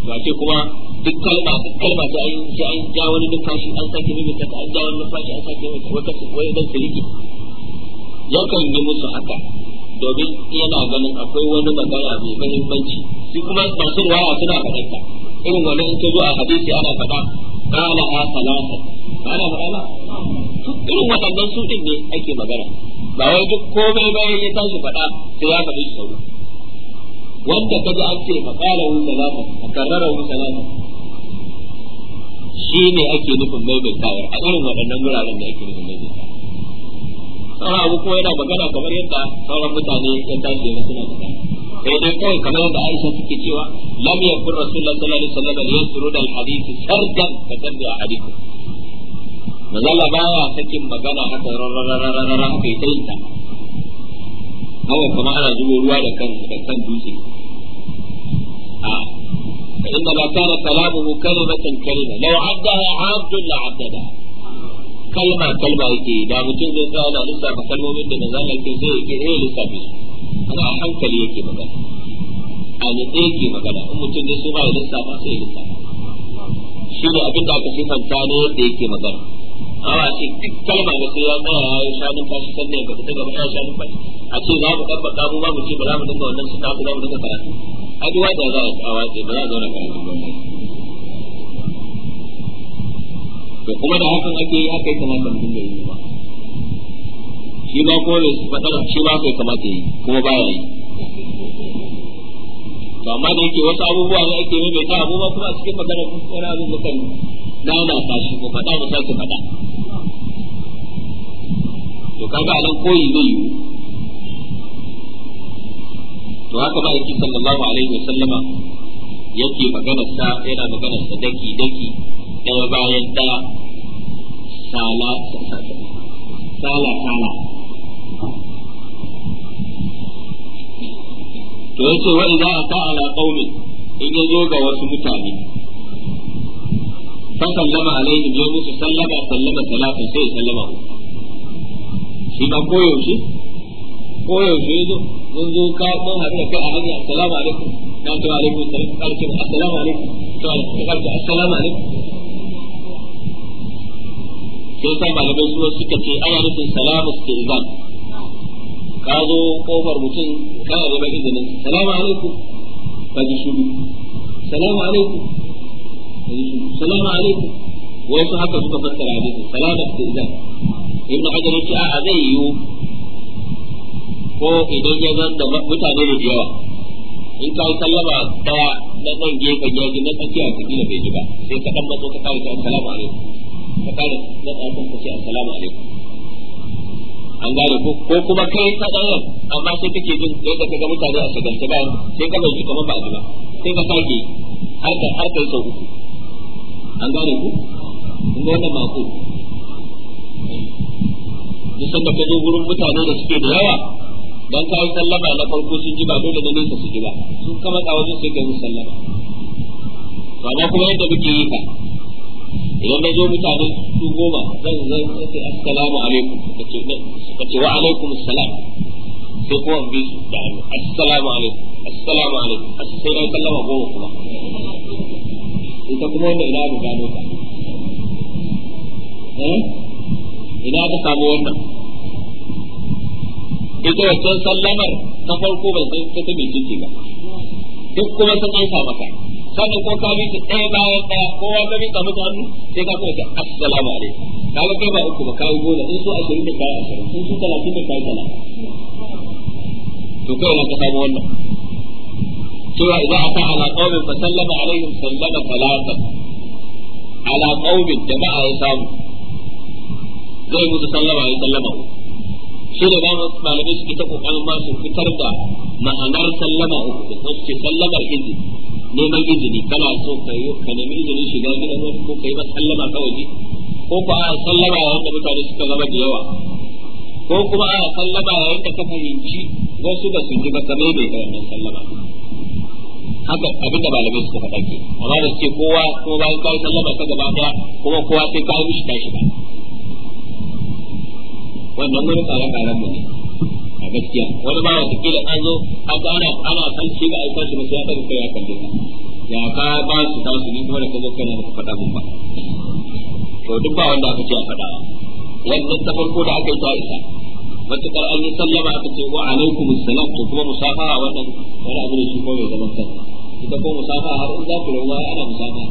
A: to a ce kuma duk kalma duk kalma ta an ji an ja wani numfashi an sake mimita ta an ja wani numfashi an sake mimita wata su koyi dan su rike yakan yi musu haka domin yana ganin akwai wani magana mai mahimmanci sai kuma masu ruwaya suna faɗanta irin wani in ta zo a hadisi ana faɗa قالها ثلاثة قال فلا irin waɗannan su din ne ake magana ba wai duk komai bayan ya tashi faɗa sai ya faɗi sau wanda ji an ce makara hu salama makarrara hu salama shi ne ake nufin maimaitawa a irin waɗannan wuraren da ake nufin maimaitawa sauran abu kuma yana magana kamar yadda sauran mutane ya tashi yana suna magana sai dai kawai kamar yadda Aisha suke cewa lam yakun rasulullahi sallallahu alaihi wasallam yasrud al-hadith sardan ka a hadith mazala baya sakin magana haka rararararara haka ita yin ta kawai kuma ana zubo ruwa da kan da kan dutse a inda ma kana kalamuhu kalimatan kalima law addaha abdun la addada kalma kalma yake da mutum zai tsaya da lissafa kalmomin da mazalla ke zai yake eh lissafi ana a hankali yake magana a nitse yake magana in mutum zai so ba ya lissafa sai ya lissafa shi ne abin da aka sifanta ne yadda yake magana amma a ce duk kalma da sai ya tsaya ya yi shanun fashi sannan ya ta gaba ya shanun fashi a ce za mu ɗabbaka mu ba mu ce ba za mu dinga wannan su tafi za mu dinga karatu a duwa da za a watsi ba za a zauna karatu ba to kuma da hakan ake yi aka yi kamata mutum da yi ba shi ba ko ne faɗa shi ba kai kamata yi kuma ba ya yi
B: to amma da yake wasu abubuwa ne ake ta abubuwa
A: kuma a cikin magana kuma wani abu mukan nama ta shi ko faɗa da sake faɗa to kaga nan koyi zai yiwu to haka ba yake sallallahu alaihi wa sallama yake maganar sa yana maganar sa daki daki daya bayan daya sala sala sala to yace wa idza ata ala qaumin in yazo ga wasu mutane فسلم عليه alaihim سلم musu sallama sallama سلم sai sallama shi وشي koyaushe koyaushe ya zo mun zo ka السلام haɗu da عليكم a عليكم السلام عليكم ka ce sai sa malamai suka ce ana nufin salamu ka zo kofar mutum kana neman izinin salamu alaikum ka ji shiru salamu alaikum salamu alaikum wasu haka suka fassara hadisi salamu istizan ibnu hajar yace a zai yiwu ko idan ya zan da mutane ne da yawa in ka yi sallama daya na nan gefen ya ji na tsakiya ka gina bai ji ba sai ka dan matso ka kare ta assalamu alaikum ka kare na tsakon ka ce assalamu alaikum an gane ko ko kuma kai ta ɗayan amma sai kake jin yadda ka ga mutane a shagalce ba sai ka bai ji kamar ba a ji ba sai ka sake har ka har kai sau an gane ku kun ga wannan mako musan da ka gurin mutane da suke da yawa dan ka yi sallama na farko sun ji ba dole ne nesa su ji ba sun kama ka wajen sai ka yi sallama to na kuma yadda muke yi ka idan na zo mutane su goma zan zan sai assalamu alaikum ka ce wa alaikum assalam sai kuma bi su da assalamu alaikum assalamu alaikum sai na sallama goma kuma ita kuma wanda ina aka gano ta eh? ina aka samu wannan ita wancan sallamar ta farko ba san ta mai ciki ba duk kuma sun amsa maka sannan ko ka miki ɗaya bayan ɗaya kowa ka mika musu hannu sai ka kuma ce assalamu alaikum ka ga ba uku ba kayi goma in su ashirin da kayi ashirin in su talatin da talatin to kai na ka samu wannan cewa idan aka ala fa sallama alaihim sallama talata ala jama'a ya samu zai musu sallama ya sallama shi da dama suke ta kokarin su fitar da ma'anar sallama uku ko sallamar izini neman izini kana so ka yi ka nemi izini shiga gidan wani ko ka yi sallama kawai ko ba a sallama yayin da mutane suka zama da yawa ko kuma a sallama yayin da ka fahimci wasu ba su ji ba kamar bai wannan sallama haka abin da malamai suka faɗa ke amma da ce kowa ko bayan kai sallama ta gaba daya kuma kowa sai kai mishi tashi ba wannan wani tsaron tsaron mu ne a gaskiya wani ba wata kila an zo an ga ana ana san shi ga aikar su ya ɗaga kai ya kalle ka ya ka ba su ta su ni kuma da ka zo kana ka faɗa mun ba to duk ba wanda aka ce a faɗa wannan ta farko da aka yi ta isa matukar an yi sallama aka ce wa alaikum salam to kuma musafaha wannan wani abu ne shi ko bai zama kansa ita ko musafa har in za ku rabu ba ana musafa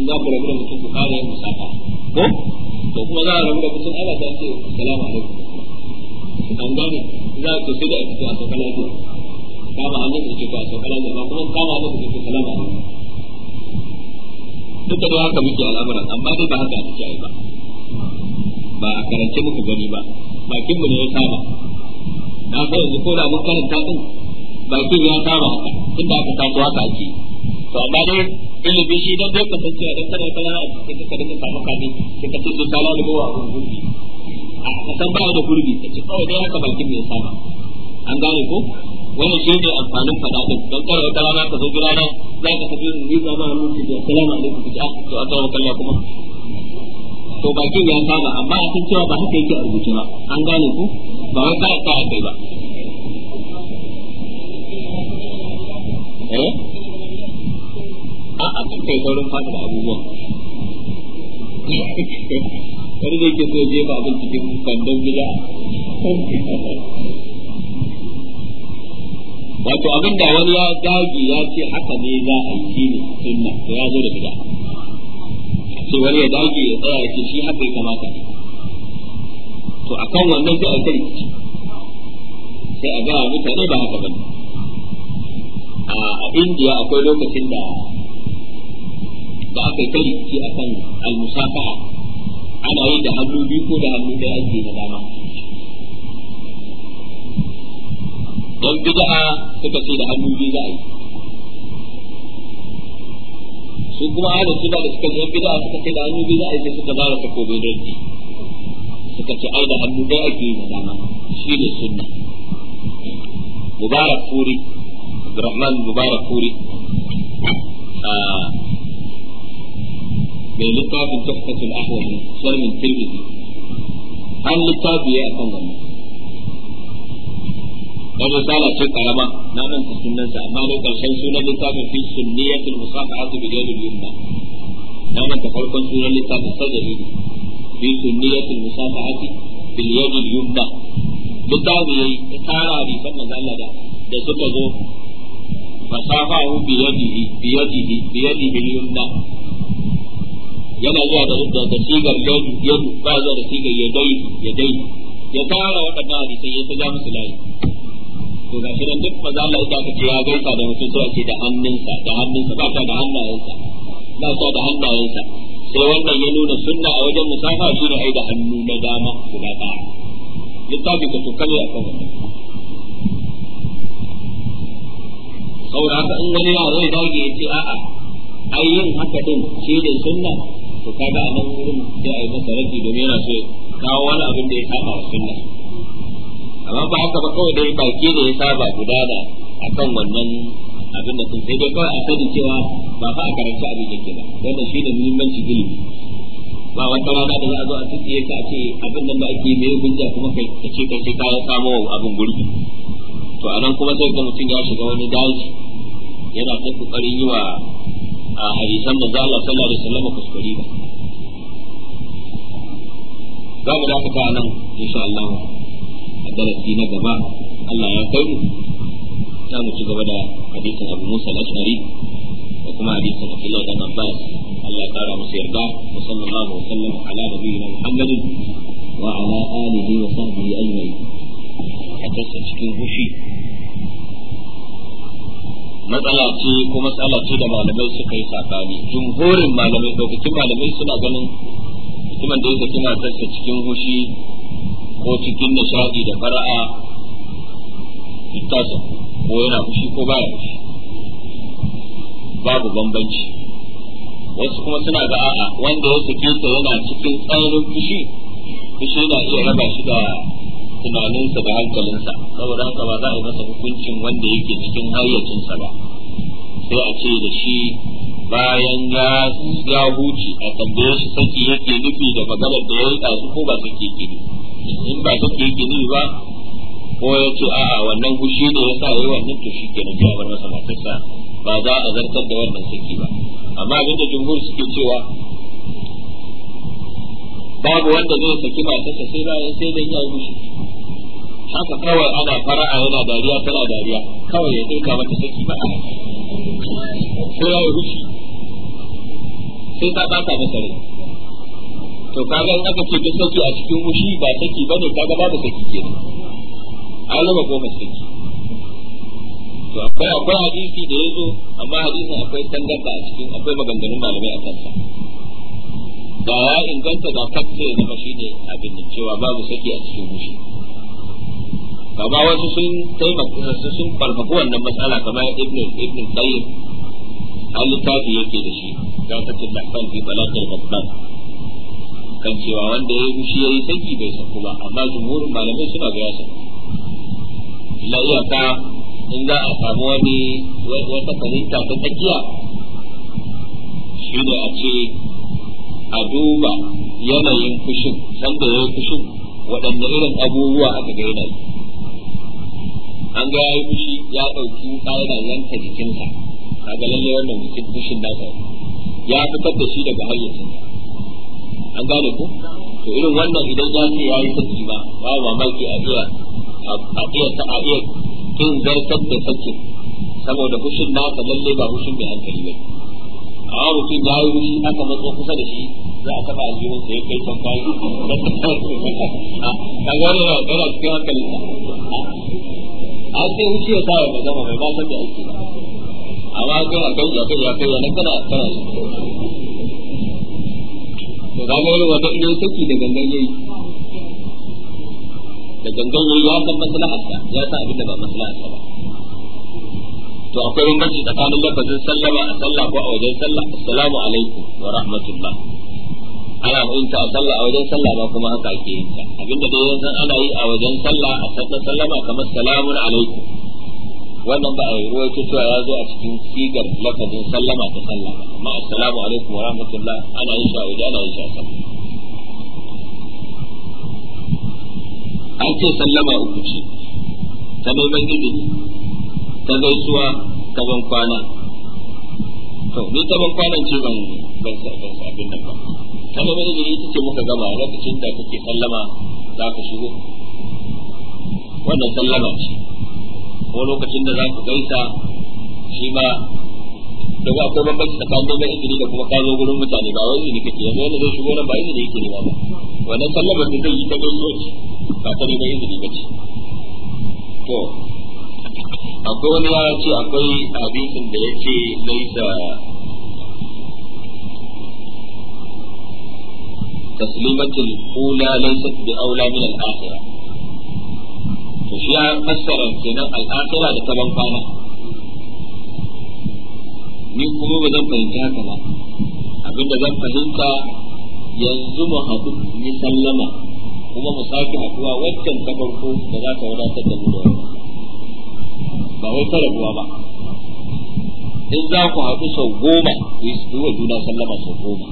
A: in za ku rabu da mutum ku kare musafa ko to kuma za a rabu da mutum ala ta ce salamu alaikum an gane za ku sai da a cikin asokala lafiya kama hannun da ke ku asokala lafiya ba kuma kama hannun da ke salamu alaikum duka da haka muke al'amuran amma dai ba haka ake yi ba ba a karance muku gani ba bakin mu ne ya saba na ga yanzu ko da mun karanta din bakin ya saba haka tunda aka taso haka ake to amma dai ilimi shi dan dai kasance a dan kana kana a cikin ka dinka samu kaji sai ka ce to sala da gowa abun gurbi a kasan ba da gurbi ce kawai dai haka bakin ya saba an gane ko wannan shi ne amfanin fada din don kare wata rana ka zo gida nan za ka tafi mu yi zama mu ci da salamu alaikum ku ta ah, to aka wa kalla kuma to bakin ya saba amma a san cewa ba haka yake a rubuce ba an gane ku ba wai ka ta kai ba eh a a kan kai saurin fata da abubuwan wani zai ke so jefa abin cikin kwandon gida
B: wato abin da wani
A: ya dage ya ce haka ne za a yi shi ne sunna to ya zo da bid'a sai wani ya dage ya tsaya ya ce shi haka ya kamata ne to akan wannan sai a yi ta sai a ga mutane ba haka bane a indiya akwai lokacin da da aka kai ta rikici a kan almusafa ana yi da hannu biyu ko da hannu da ake na dama don bid'a suka ce da hannu biyu za a yi su kuma ahlus suna da suka je bid'a suka ce da hannu biyu za a yi sai suka zara ta don ji suka ce ai da hannu ɗaya ake yi na dama shi ne sunna mubarak furi عبد الرحمن مبارك فوري آه، من لقاب تحفة الأحوال سر من تلمذي هل لقاب يا أفضل وجه سالة شك على ما نعمل في السنة ما لك الخير سنة لقاب في سنية المصافحة بجيل اليمنى نعمل تفرق سنة لقاب السجل في سنية المصافحة بجيل اليمنى لقاب يتعالى بسم الله da suka zo fasafahu biyadihi biyadihi biyadihi al yana zuwa da sigar yadu ba zuwa da sigar yadai yadai ya tara waɗannan hadisai ya ta ja musu layi to ga shi nan duk maza Allah ya aka ce ya gaisa da mutum sai a ce da hannunsa da hannunsa ba ta da hannayensa ba ta da hannayensa sai wannan ya nuna sunna a wajen musafa shi ne ai da hannu na dama guda ɗaya littafi ka tukale a kan saboda haka in wani yaro ya dage ya ce a'a ai yin haka din shi da sunna to kaga a nan wurin sai a yi masa rafi domin yana so kawo wani abin da ya saba wa sunna amma ba haka ba kawai dai baki da ya saba gudana akan wannan abin da sun sai dai kawai a sani cewa ba fa a karanci abin da ke ba wannan shi ne muhimmanci ilimi ba wata rana da za a zo a tuki ka ce abin nan da ake yi mai gunja kuma kai ka ce kai sai ka samo abin gurbi to a nan kuma sai ga mutum ya shiga wani daji yana ta kokarin yi wa a hadisan manzo Allah sallallahu alaihi wasallam kuskure ba za mu dakata nan insha Allah a darasi na gaba Allah ya kai mu za mu ci gaba da hadisin Abu Musa al-Ash'ari da kuma hadisin Abdullah bin Abbas Allah ya kara musu yarda wa sallallahu alaihi wasallam ala nabiyina Muhammadin wa ala alihi wa sahbihi ajma'in a cikin hushi matsala ce ko matsala ce da malamai suka yi sakani jumhurin malamai daukakin malamai suna ganin mutumin da yake saki matarsa cikin hushi ko cikin nishadi da fara'a tasa ko yana fushi ko baya fushi babu bambanci wasu kuma suna ga a'a wanda ya sake yana cikin tsananin fushi fushi na iya raba shi da tunaninsa da hankalinsa saboda haka ba za a yi masa hukuncin wanda yake cikin hayyacinsa ba sai a ce da shi bayan ya huce a tambaye shi saki yake nufi da maganar da ya yi ɗazu ko ba saki yake nufi in ba saki yake nufi ba ko ya ce a'a wannan hushi ne ya sa ya yi wannan to shi ke da bar masa matarsa ba za a zartar da wannan saki ba amma abin da jumhur suke cewa babu wanda zai saki matarsa sai bayan sai dan ya yi hushi haka kawai ana fara'a yana dariya tana dariya kawai ya ɗauka mata saki ba a sai ya yi rufi sai ta bata masa rai to kaga in aka ce duk saki a cikin wushi ba saki ba ne, ka kaga babu saki kenan an raba goma saki to akwai akwai hadisi da ya zo, amma hadisin akwai tangarda a cikin akwai maganganun malamai a kansa da ya inganta da kacce ya zama shine abin da cewa babu saki a cikin wushi amma wasu sun taimaka sun farfaku wannan matsala kamar ibn ibn qayyim an littafi yake da shi da fatin lahfan fi balaqil ghaflan kan cewa wanda ya yi gushi yayi saki bai saku ba amma jumhurin malamai suna ga ya saku la iyaka in za a samu wani wata fahimta ta tsakiya shi ne a ce a duba yanayin kushin, sanda ya yi fushin waɗanne irin abubuwa aka ga yanayi an ga yayi fushi ya ɗauki wuka yana yanka jikinsa kaga lalle wannan jikin fushin nasa ya fitar da shi daga hayyacin an gane ku to irin wannan idan ya ce yayi saki ba ba mamaki a iya a iya ta a iya kin zartar da sakin saboda fushin nasa lalle ba fushin mai hankali ba A wani ya yi fushi aka matso kusa da shi za a taba aljihun sa ya kai can bayi kaga wannan yana cikin hankalin an sai in ciye tawa mai gama mai basar da aiki amma an gama kai ya kai ya kai ya nan kana kana to ga gani wata in yi saki da gangan yayi da gangan yayi ya san maslaharsa ya san abin da ba maslaharsa ba to akwai bambanci tsakanin lafazin sallama a sallah ko a wajen sallah assalamu alaikum wa rahmatullah ana yin ta a sallah a wajen sallah ba kuma haka ake yin ta abinda dai yanzu ana yi a wajen sallah a sallar sallama kamar salamun alaikum wannan ba a yi ruwa cewa ya zo a cikin sigar lafazin sallama ta sallah amma assalamu alaikum wa rahmatullah ana yin shi a wajen ana yin shi a sallah
B: an ce sallama
A: uku ce ta neman gidi ta gaisuwa ta ban kwana to ni ta ban kwanan ce ban ban abin nan ba kalmar izini ita ce muka gama lokacin da kake sallama za ka shigo wannan sallama ce ko lokacin da za ku gaisa shi ma da ba akwai bambanci tsakanin dogon izini da kuma kazo gurin mutane ba wai izini kake yanzu wanda zai shigo nan ba izini yake ne ba wannan sallama da zai yi ta gaisuwa ce ba ta neman izini ba ce to akwai wani ya ce akwai hadisin da ya ce laisa التسليمة الأولى ليست بأولى من الآخرة فشيا فسر كنا الآخرة لتبن فانا ni kuma ba zan fahimci haka ba abinda zan fahimta yanzu mu haɗu ni sallama kuma mu sake haɗuwa waccan ta farko da za ta wadatar da mu ba wai ta rabuwa ba in za ku haɗu sau goma ku yi juna sallama sau goma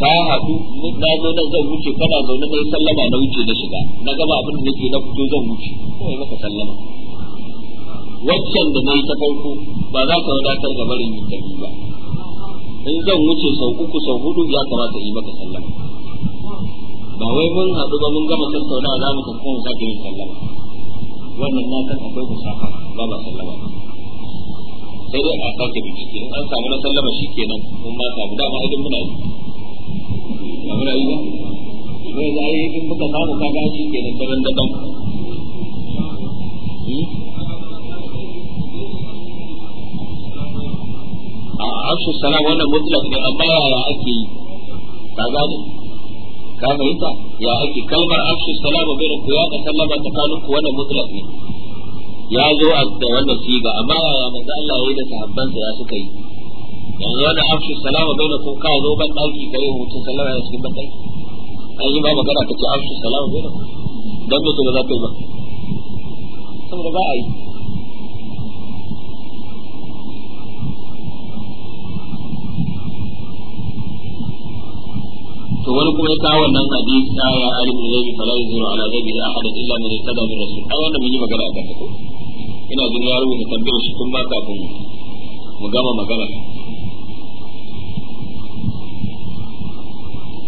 A: ka haɗu na zo nan zan wuce kana zaune na yi sallama na wuce na shiga na gaba abin da nake na fito zan wuce kawai maka sallama waccan da na yi ta farko ba za ka wadatar da barin yin tafi ba in zan wuce sau uku sau hudu ya kamata yi maka sallama ba wai mun haɗu ba mun gama tattaunawa za mu tafi mu sake yin sallama wannan na san akwai musafa ba ba sallama sai dai a sake bincike in an samu na sallama shikenan mun ma samu dama idan muna yi muna yi ba sai da yi in muka samu ka ga shi kenan sauran daban hmm? a asu sana wannan mutlak ne amma yaya ake yi ka gane ka fahimta ya ake kalmar asu sana ba bai da ku ya ka sallama tsakaninku wannan mutlak ne ya zo a da wannan siga amma yaya manzo Allah ya yi da sahabbansa ya suka yi yanzu wani afshi salama bai na kun kawo, zo ban ɗaki ka yi hutun sallama a cikin ban ɗaki an yi ba magana ka ce afshi salama bai na don mutum da za ka yi ba saboda ba a yi to wani kuma ya kawo wannan hadisi ta ya ali zai bi fala zuwa ala zabi da ahadin illa min tada min rasul ai wannan mun yi magana a ta ko ina jin ya rubuta tambayar shi tun ba kun mu gama magana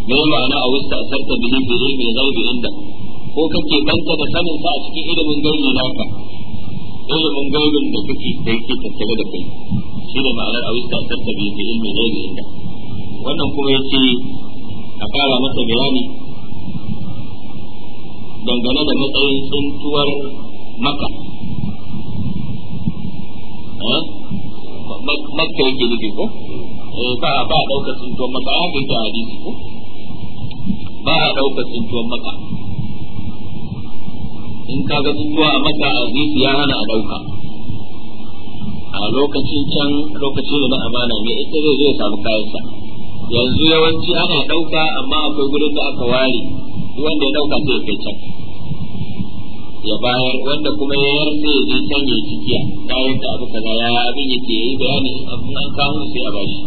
A: me ma'ana a wasu wista asarta bihi bi zai ghaibi inda ko kake banta da sanin sa a cikin ilimin gaibi naka ilimin gaibin da kake da yake tattare da kai shi da ma'anar a wasu wista asarta bihi bi zai ghaibi inda wannan kuma ya ce a kara masa bayani dangane da matsayin tsuntuwar maka eh? makka yake nufi ko eh, ba ba ɗaukar tsuntuwar maka ya kai ta hadisi ko ba a ɗaukar tsuntuwar maka in ka ga tsuntuwa a maka zai ya hana a ɗauka a lokacin can lokacin da na amana ne ita zai zo ya samu kayansa yanzu yawanci ana ɗauka amma akwai gurin da aka ware wanda ya ɗauka sai ya kai can ya bayar wanda kuma ya yar sai ya je can ya cikiya bayan da abu kaza ya abin yake yi bayani abin an kawo sai a bashi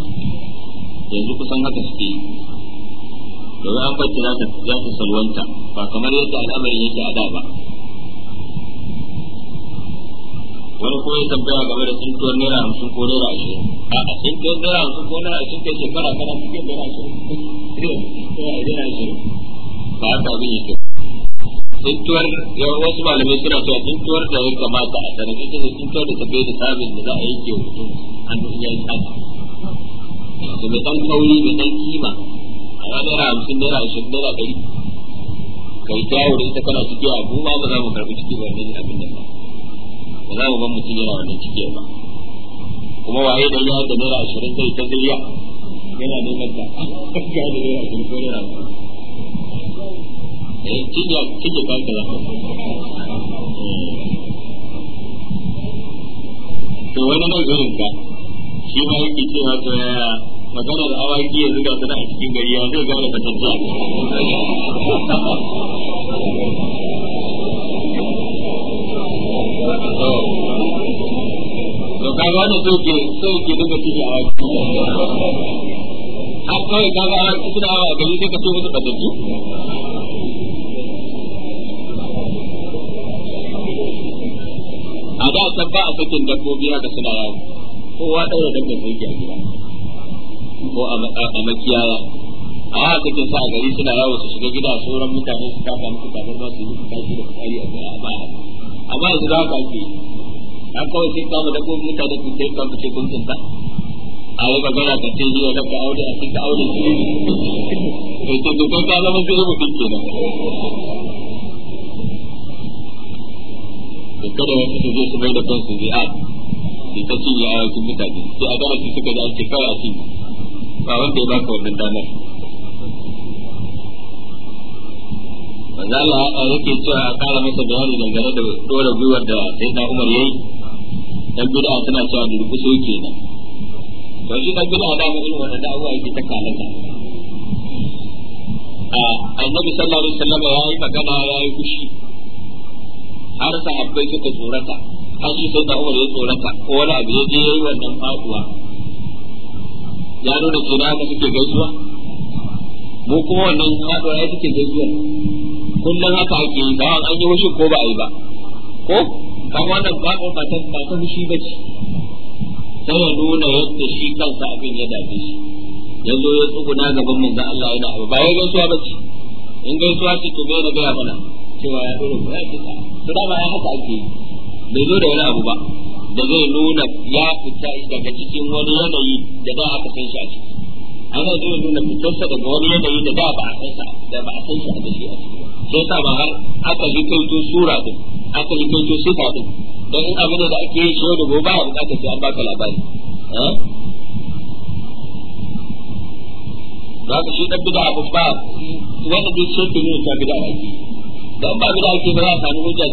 A: yanzu kusan haka suke yi domin an bacci za ta ta salwanta ba kamar yadda al'amarin yake a da ba wani kuma ya tambaya game da tsintuwar naira hamsin ko naira ashirin a a tsintuwar naira hamsin ko naira ashirin kai shekara kana cikin naira ashirin naira ashirin ba haka abin yake tsintuwar wasu malamai suna cewa tsintuwar da ya kamata a sanar ita ne tsintuwar da ta bai da sabis da za a yi ke hutu an yi tsaka da mai ɗan kauri mai ɗan kima amma naira hamsin naira ashirin naira ɗari kai jawo da ita kana ciki a mu ba za mu karɓi ciki ba wannan abin nan ba za mu ban mutum yana wannan ciki ba kuma waye da yawan da naira ashirin zai ta zuriya yana neman ta kaskiya da naira ashirin ko naira ba eh cinya cinye kan da eh. to wani nan gurin ka shi ma yake cewa to yaya maganar awaki yanzu ga sana a cikin gari ya zai gane ta tantance to kaga wannan sauke sauke duka cikin awaki har kawai kaga awaki suna awa a gari sai ka so musu tantance a da ba a sakin dabbobi haka suna yawo kowa ɗaya dabbar zai gida ko a makiyaya a haka sa a gari suna yawo su shiga gida sauran mutane su kafa musu kamar ba su yi kashi da fitsari a gari ba amma yanzu za ka ake an kawai sai kama da kuma mutane ku sai kama ce kun tsinta a yi magana ka ce yi wani ka aure a cikin aure su ne to to ka zama zai mutum kenan to kada wasu su je su mai da kansu zai a ta cinye mutane sai a gara su suka ji an ce kawai a cinye ba wanda ya baka wannan damar manzo Allah yake cewa a kara masa bayani dangane da dora gwiwar da sai na Umar yayi dan bid'a tana cewa durkuso kenan to shi dan bid'a da mu irin wannan da'awa yake ta kalaka a annabi sallallahu alaihi wasallam ya yi magana ya yi kushi har sahabbai suka tsorata har shi sai da Umar ya tsorata ko wani abu ya je yayi wannan faduwa ya nuna ke da haka suke gaisuwa mu kuma wannan haɗuwa ya suke gaisuwa kullum haka ake yi ba an yi wushin ko ba a yi ba ko kan wannan baƙon ba ta ba ta fushi ba ce sai ya nuna yadda shi kansa abin ya dace shi yanzu ya tsuguna gaban manzo Allah yana abu ba ya gaisuwa ba ce in gaisuwa ce to bai da gaya mana cewa ya dole ya ce to ba ya haka ake yi bai zo da wani abu ba da zai nuna ya fita daga cikin wani yanayi da da aka san shi a ciki ana zai nuna fitarsa daga wani yanayi da da ba a san da ba a san shi a ciki sai sa ba har aka yi kaito sura din aka yi kaito sifa din don in abin da ake yi shi da gobe ba bukatar sai an baka labari eh? za ka shi dan bida abin ba wani duk sun ne ta bida ake da ba bida ake ba za a samu hujja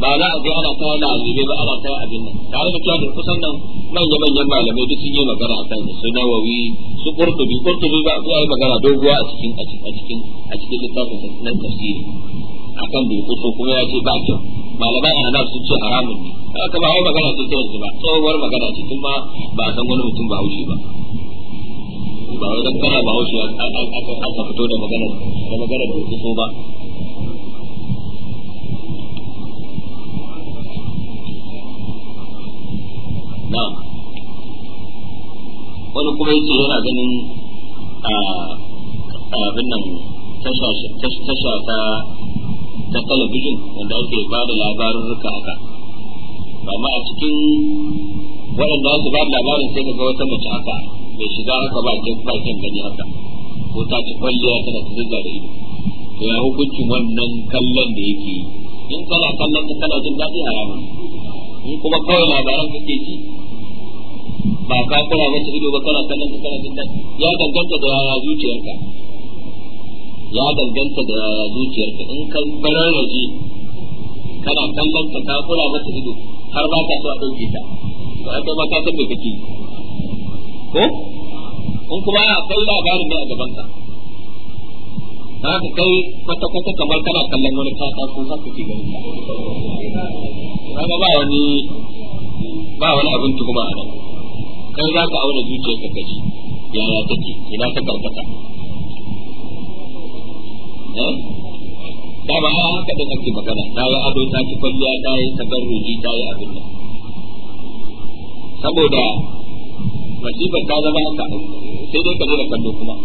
A: ba za a je ana ta lazime ba ana ta abin nan tare da cewa kusan nan manya manyan malamai duk sun yi magana akan su nawawi su kurtubi kurtubi ba su yi magana doguwa a cikin a cikin a cikin littafin na tafsiri akan da kuso kuma ya ce ba kyau malamai a nan sun ce haramun ne haka ba wai magana ce ta yanzu ba tsohuwar magana ce kuma ba a san wani mutum ba haushi ba ba wai dan kana ba haushi a fito da magana da magana da kuso ba wani kuma yake yana ganin abin nan tasha ta ta talabijin wanda ake ba da ruka haka amma a cikin waɗanda su ba labarin sai ga wata mace haka mai shiga haka bakin bakin gani haka ko ta ci kwalliya tana ta zuzza da ido to ya hukuncin wannan kallon da yake yi in kana kallon ta kana jin daɗi a yaman in kuma kawai labaran kake ji ba ka kura masa ido ba kana kallon ka kana jin ya danganta da yaya zuciyarka ya danganta da yaya zuciyarka in ka barar waje kana kallon ka ka kula masa ido har ba ka so a dauke ta ba ka ba ka san me kake ko in kuma akwai labarin ne a gaban ka ka kai kwata kwata kamar kana kallon wani tata ko haka ke ganin ka ba wani ba wani abin tuhuma a nan kai za ka auna zuciyarka ka ji yaya take ina ta karkata eh? da ba ya haka din ake magana ta yi ado ta ci kwalliya ta yi tabarruji ta yi abin nan saboda masifar ta zama haka sai dai ka da kallo kuma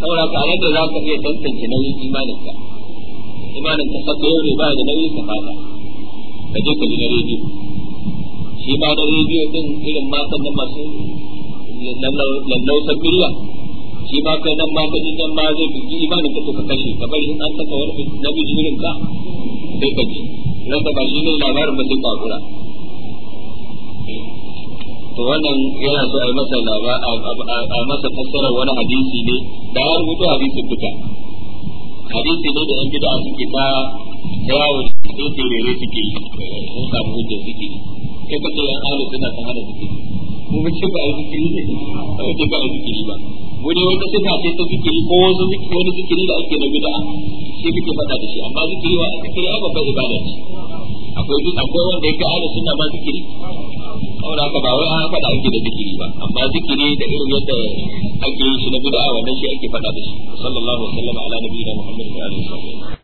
A: saboda ka yadda za ka iya tantance nauyin imaninka Imanin sabbi yau ne ba da nauyin ka fata ka je ka ji na rediyo shi ma na rediyo din irin matan nan masu lallausan miliya shi ma kai nan matan ka ji nan ma zai fi imanin ka ka kashe ka bari an saka wani namiji irin ka sai ka ji nan ba shi ne labarin ba sai kwakura to wannan yana so a yi masa labar a masa fassara wani hadisi ne da ya rubuta hadisin duka hadisi ne da yan gida suke ta yawo sun turere suke sun samu hujja suke sai alu suna suke ba ce ba a zikiri ne ba ce ba ba ne wata sifa ce ta ko wasu wani da ake na shi da shi amma wa ibada ce akwai duk akwai wanda yake alu suna ma haka ba wai an ake da zikiri ba amma zikiri da irin yadda ake yi shi na wannan shi ake da shi sallallahu alaihi wa sallam ala nabiyina wa alihi wa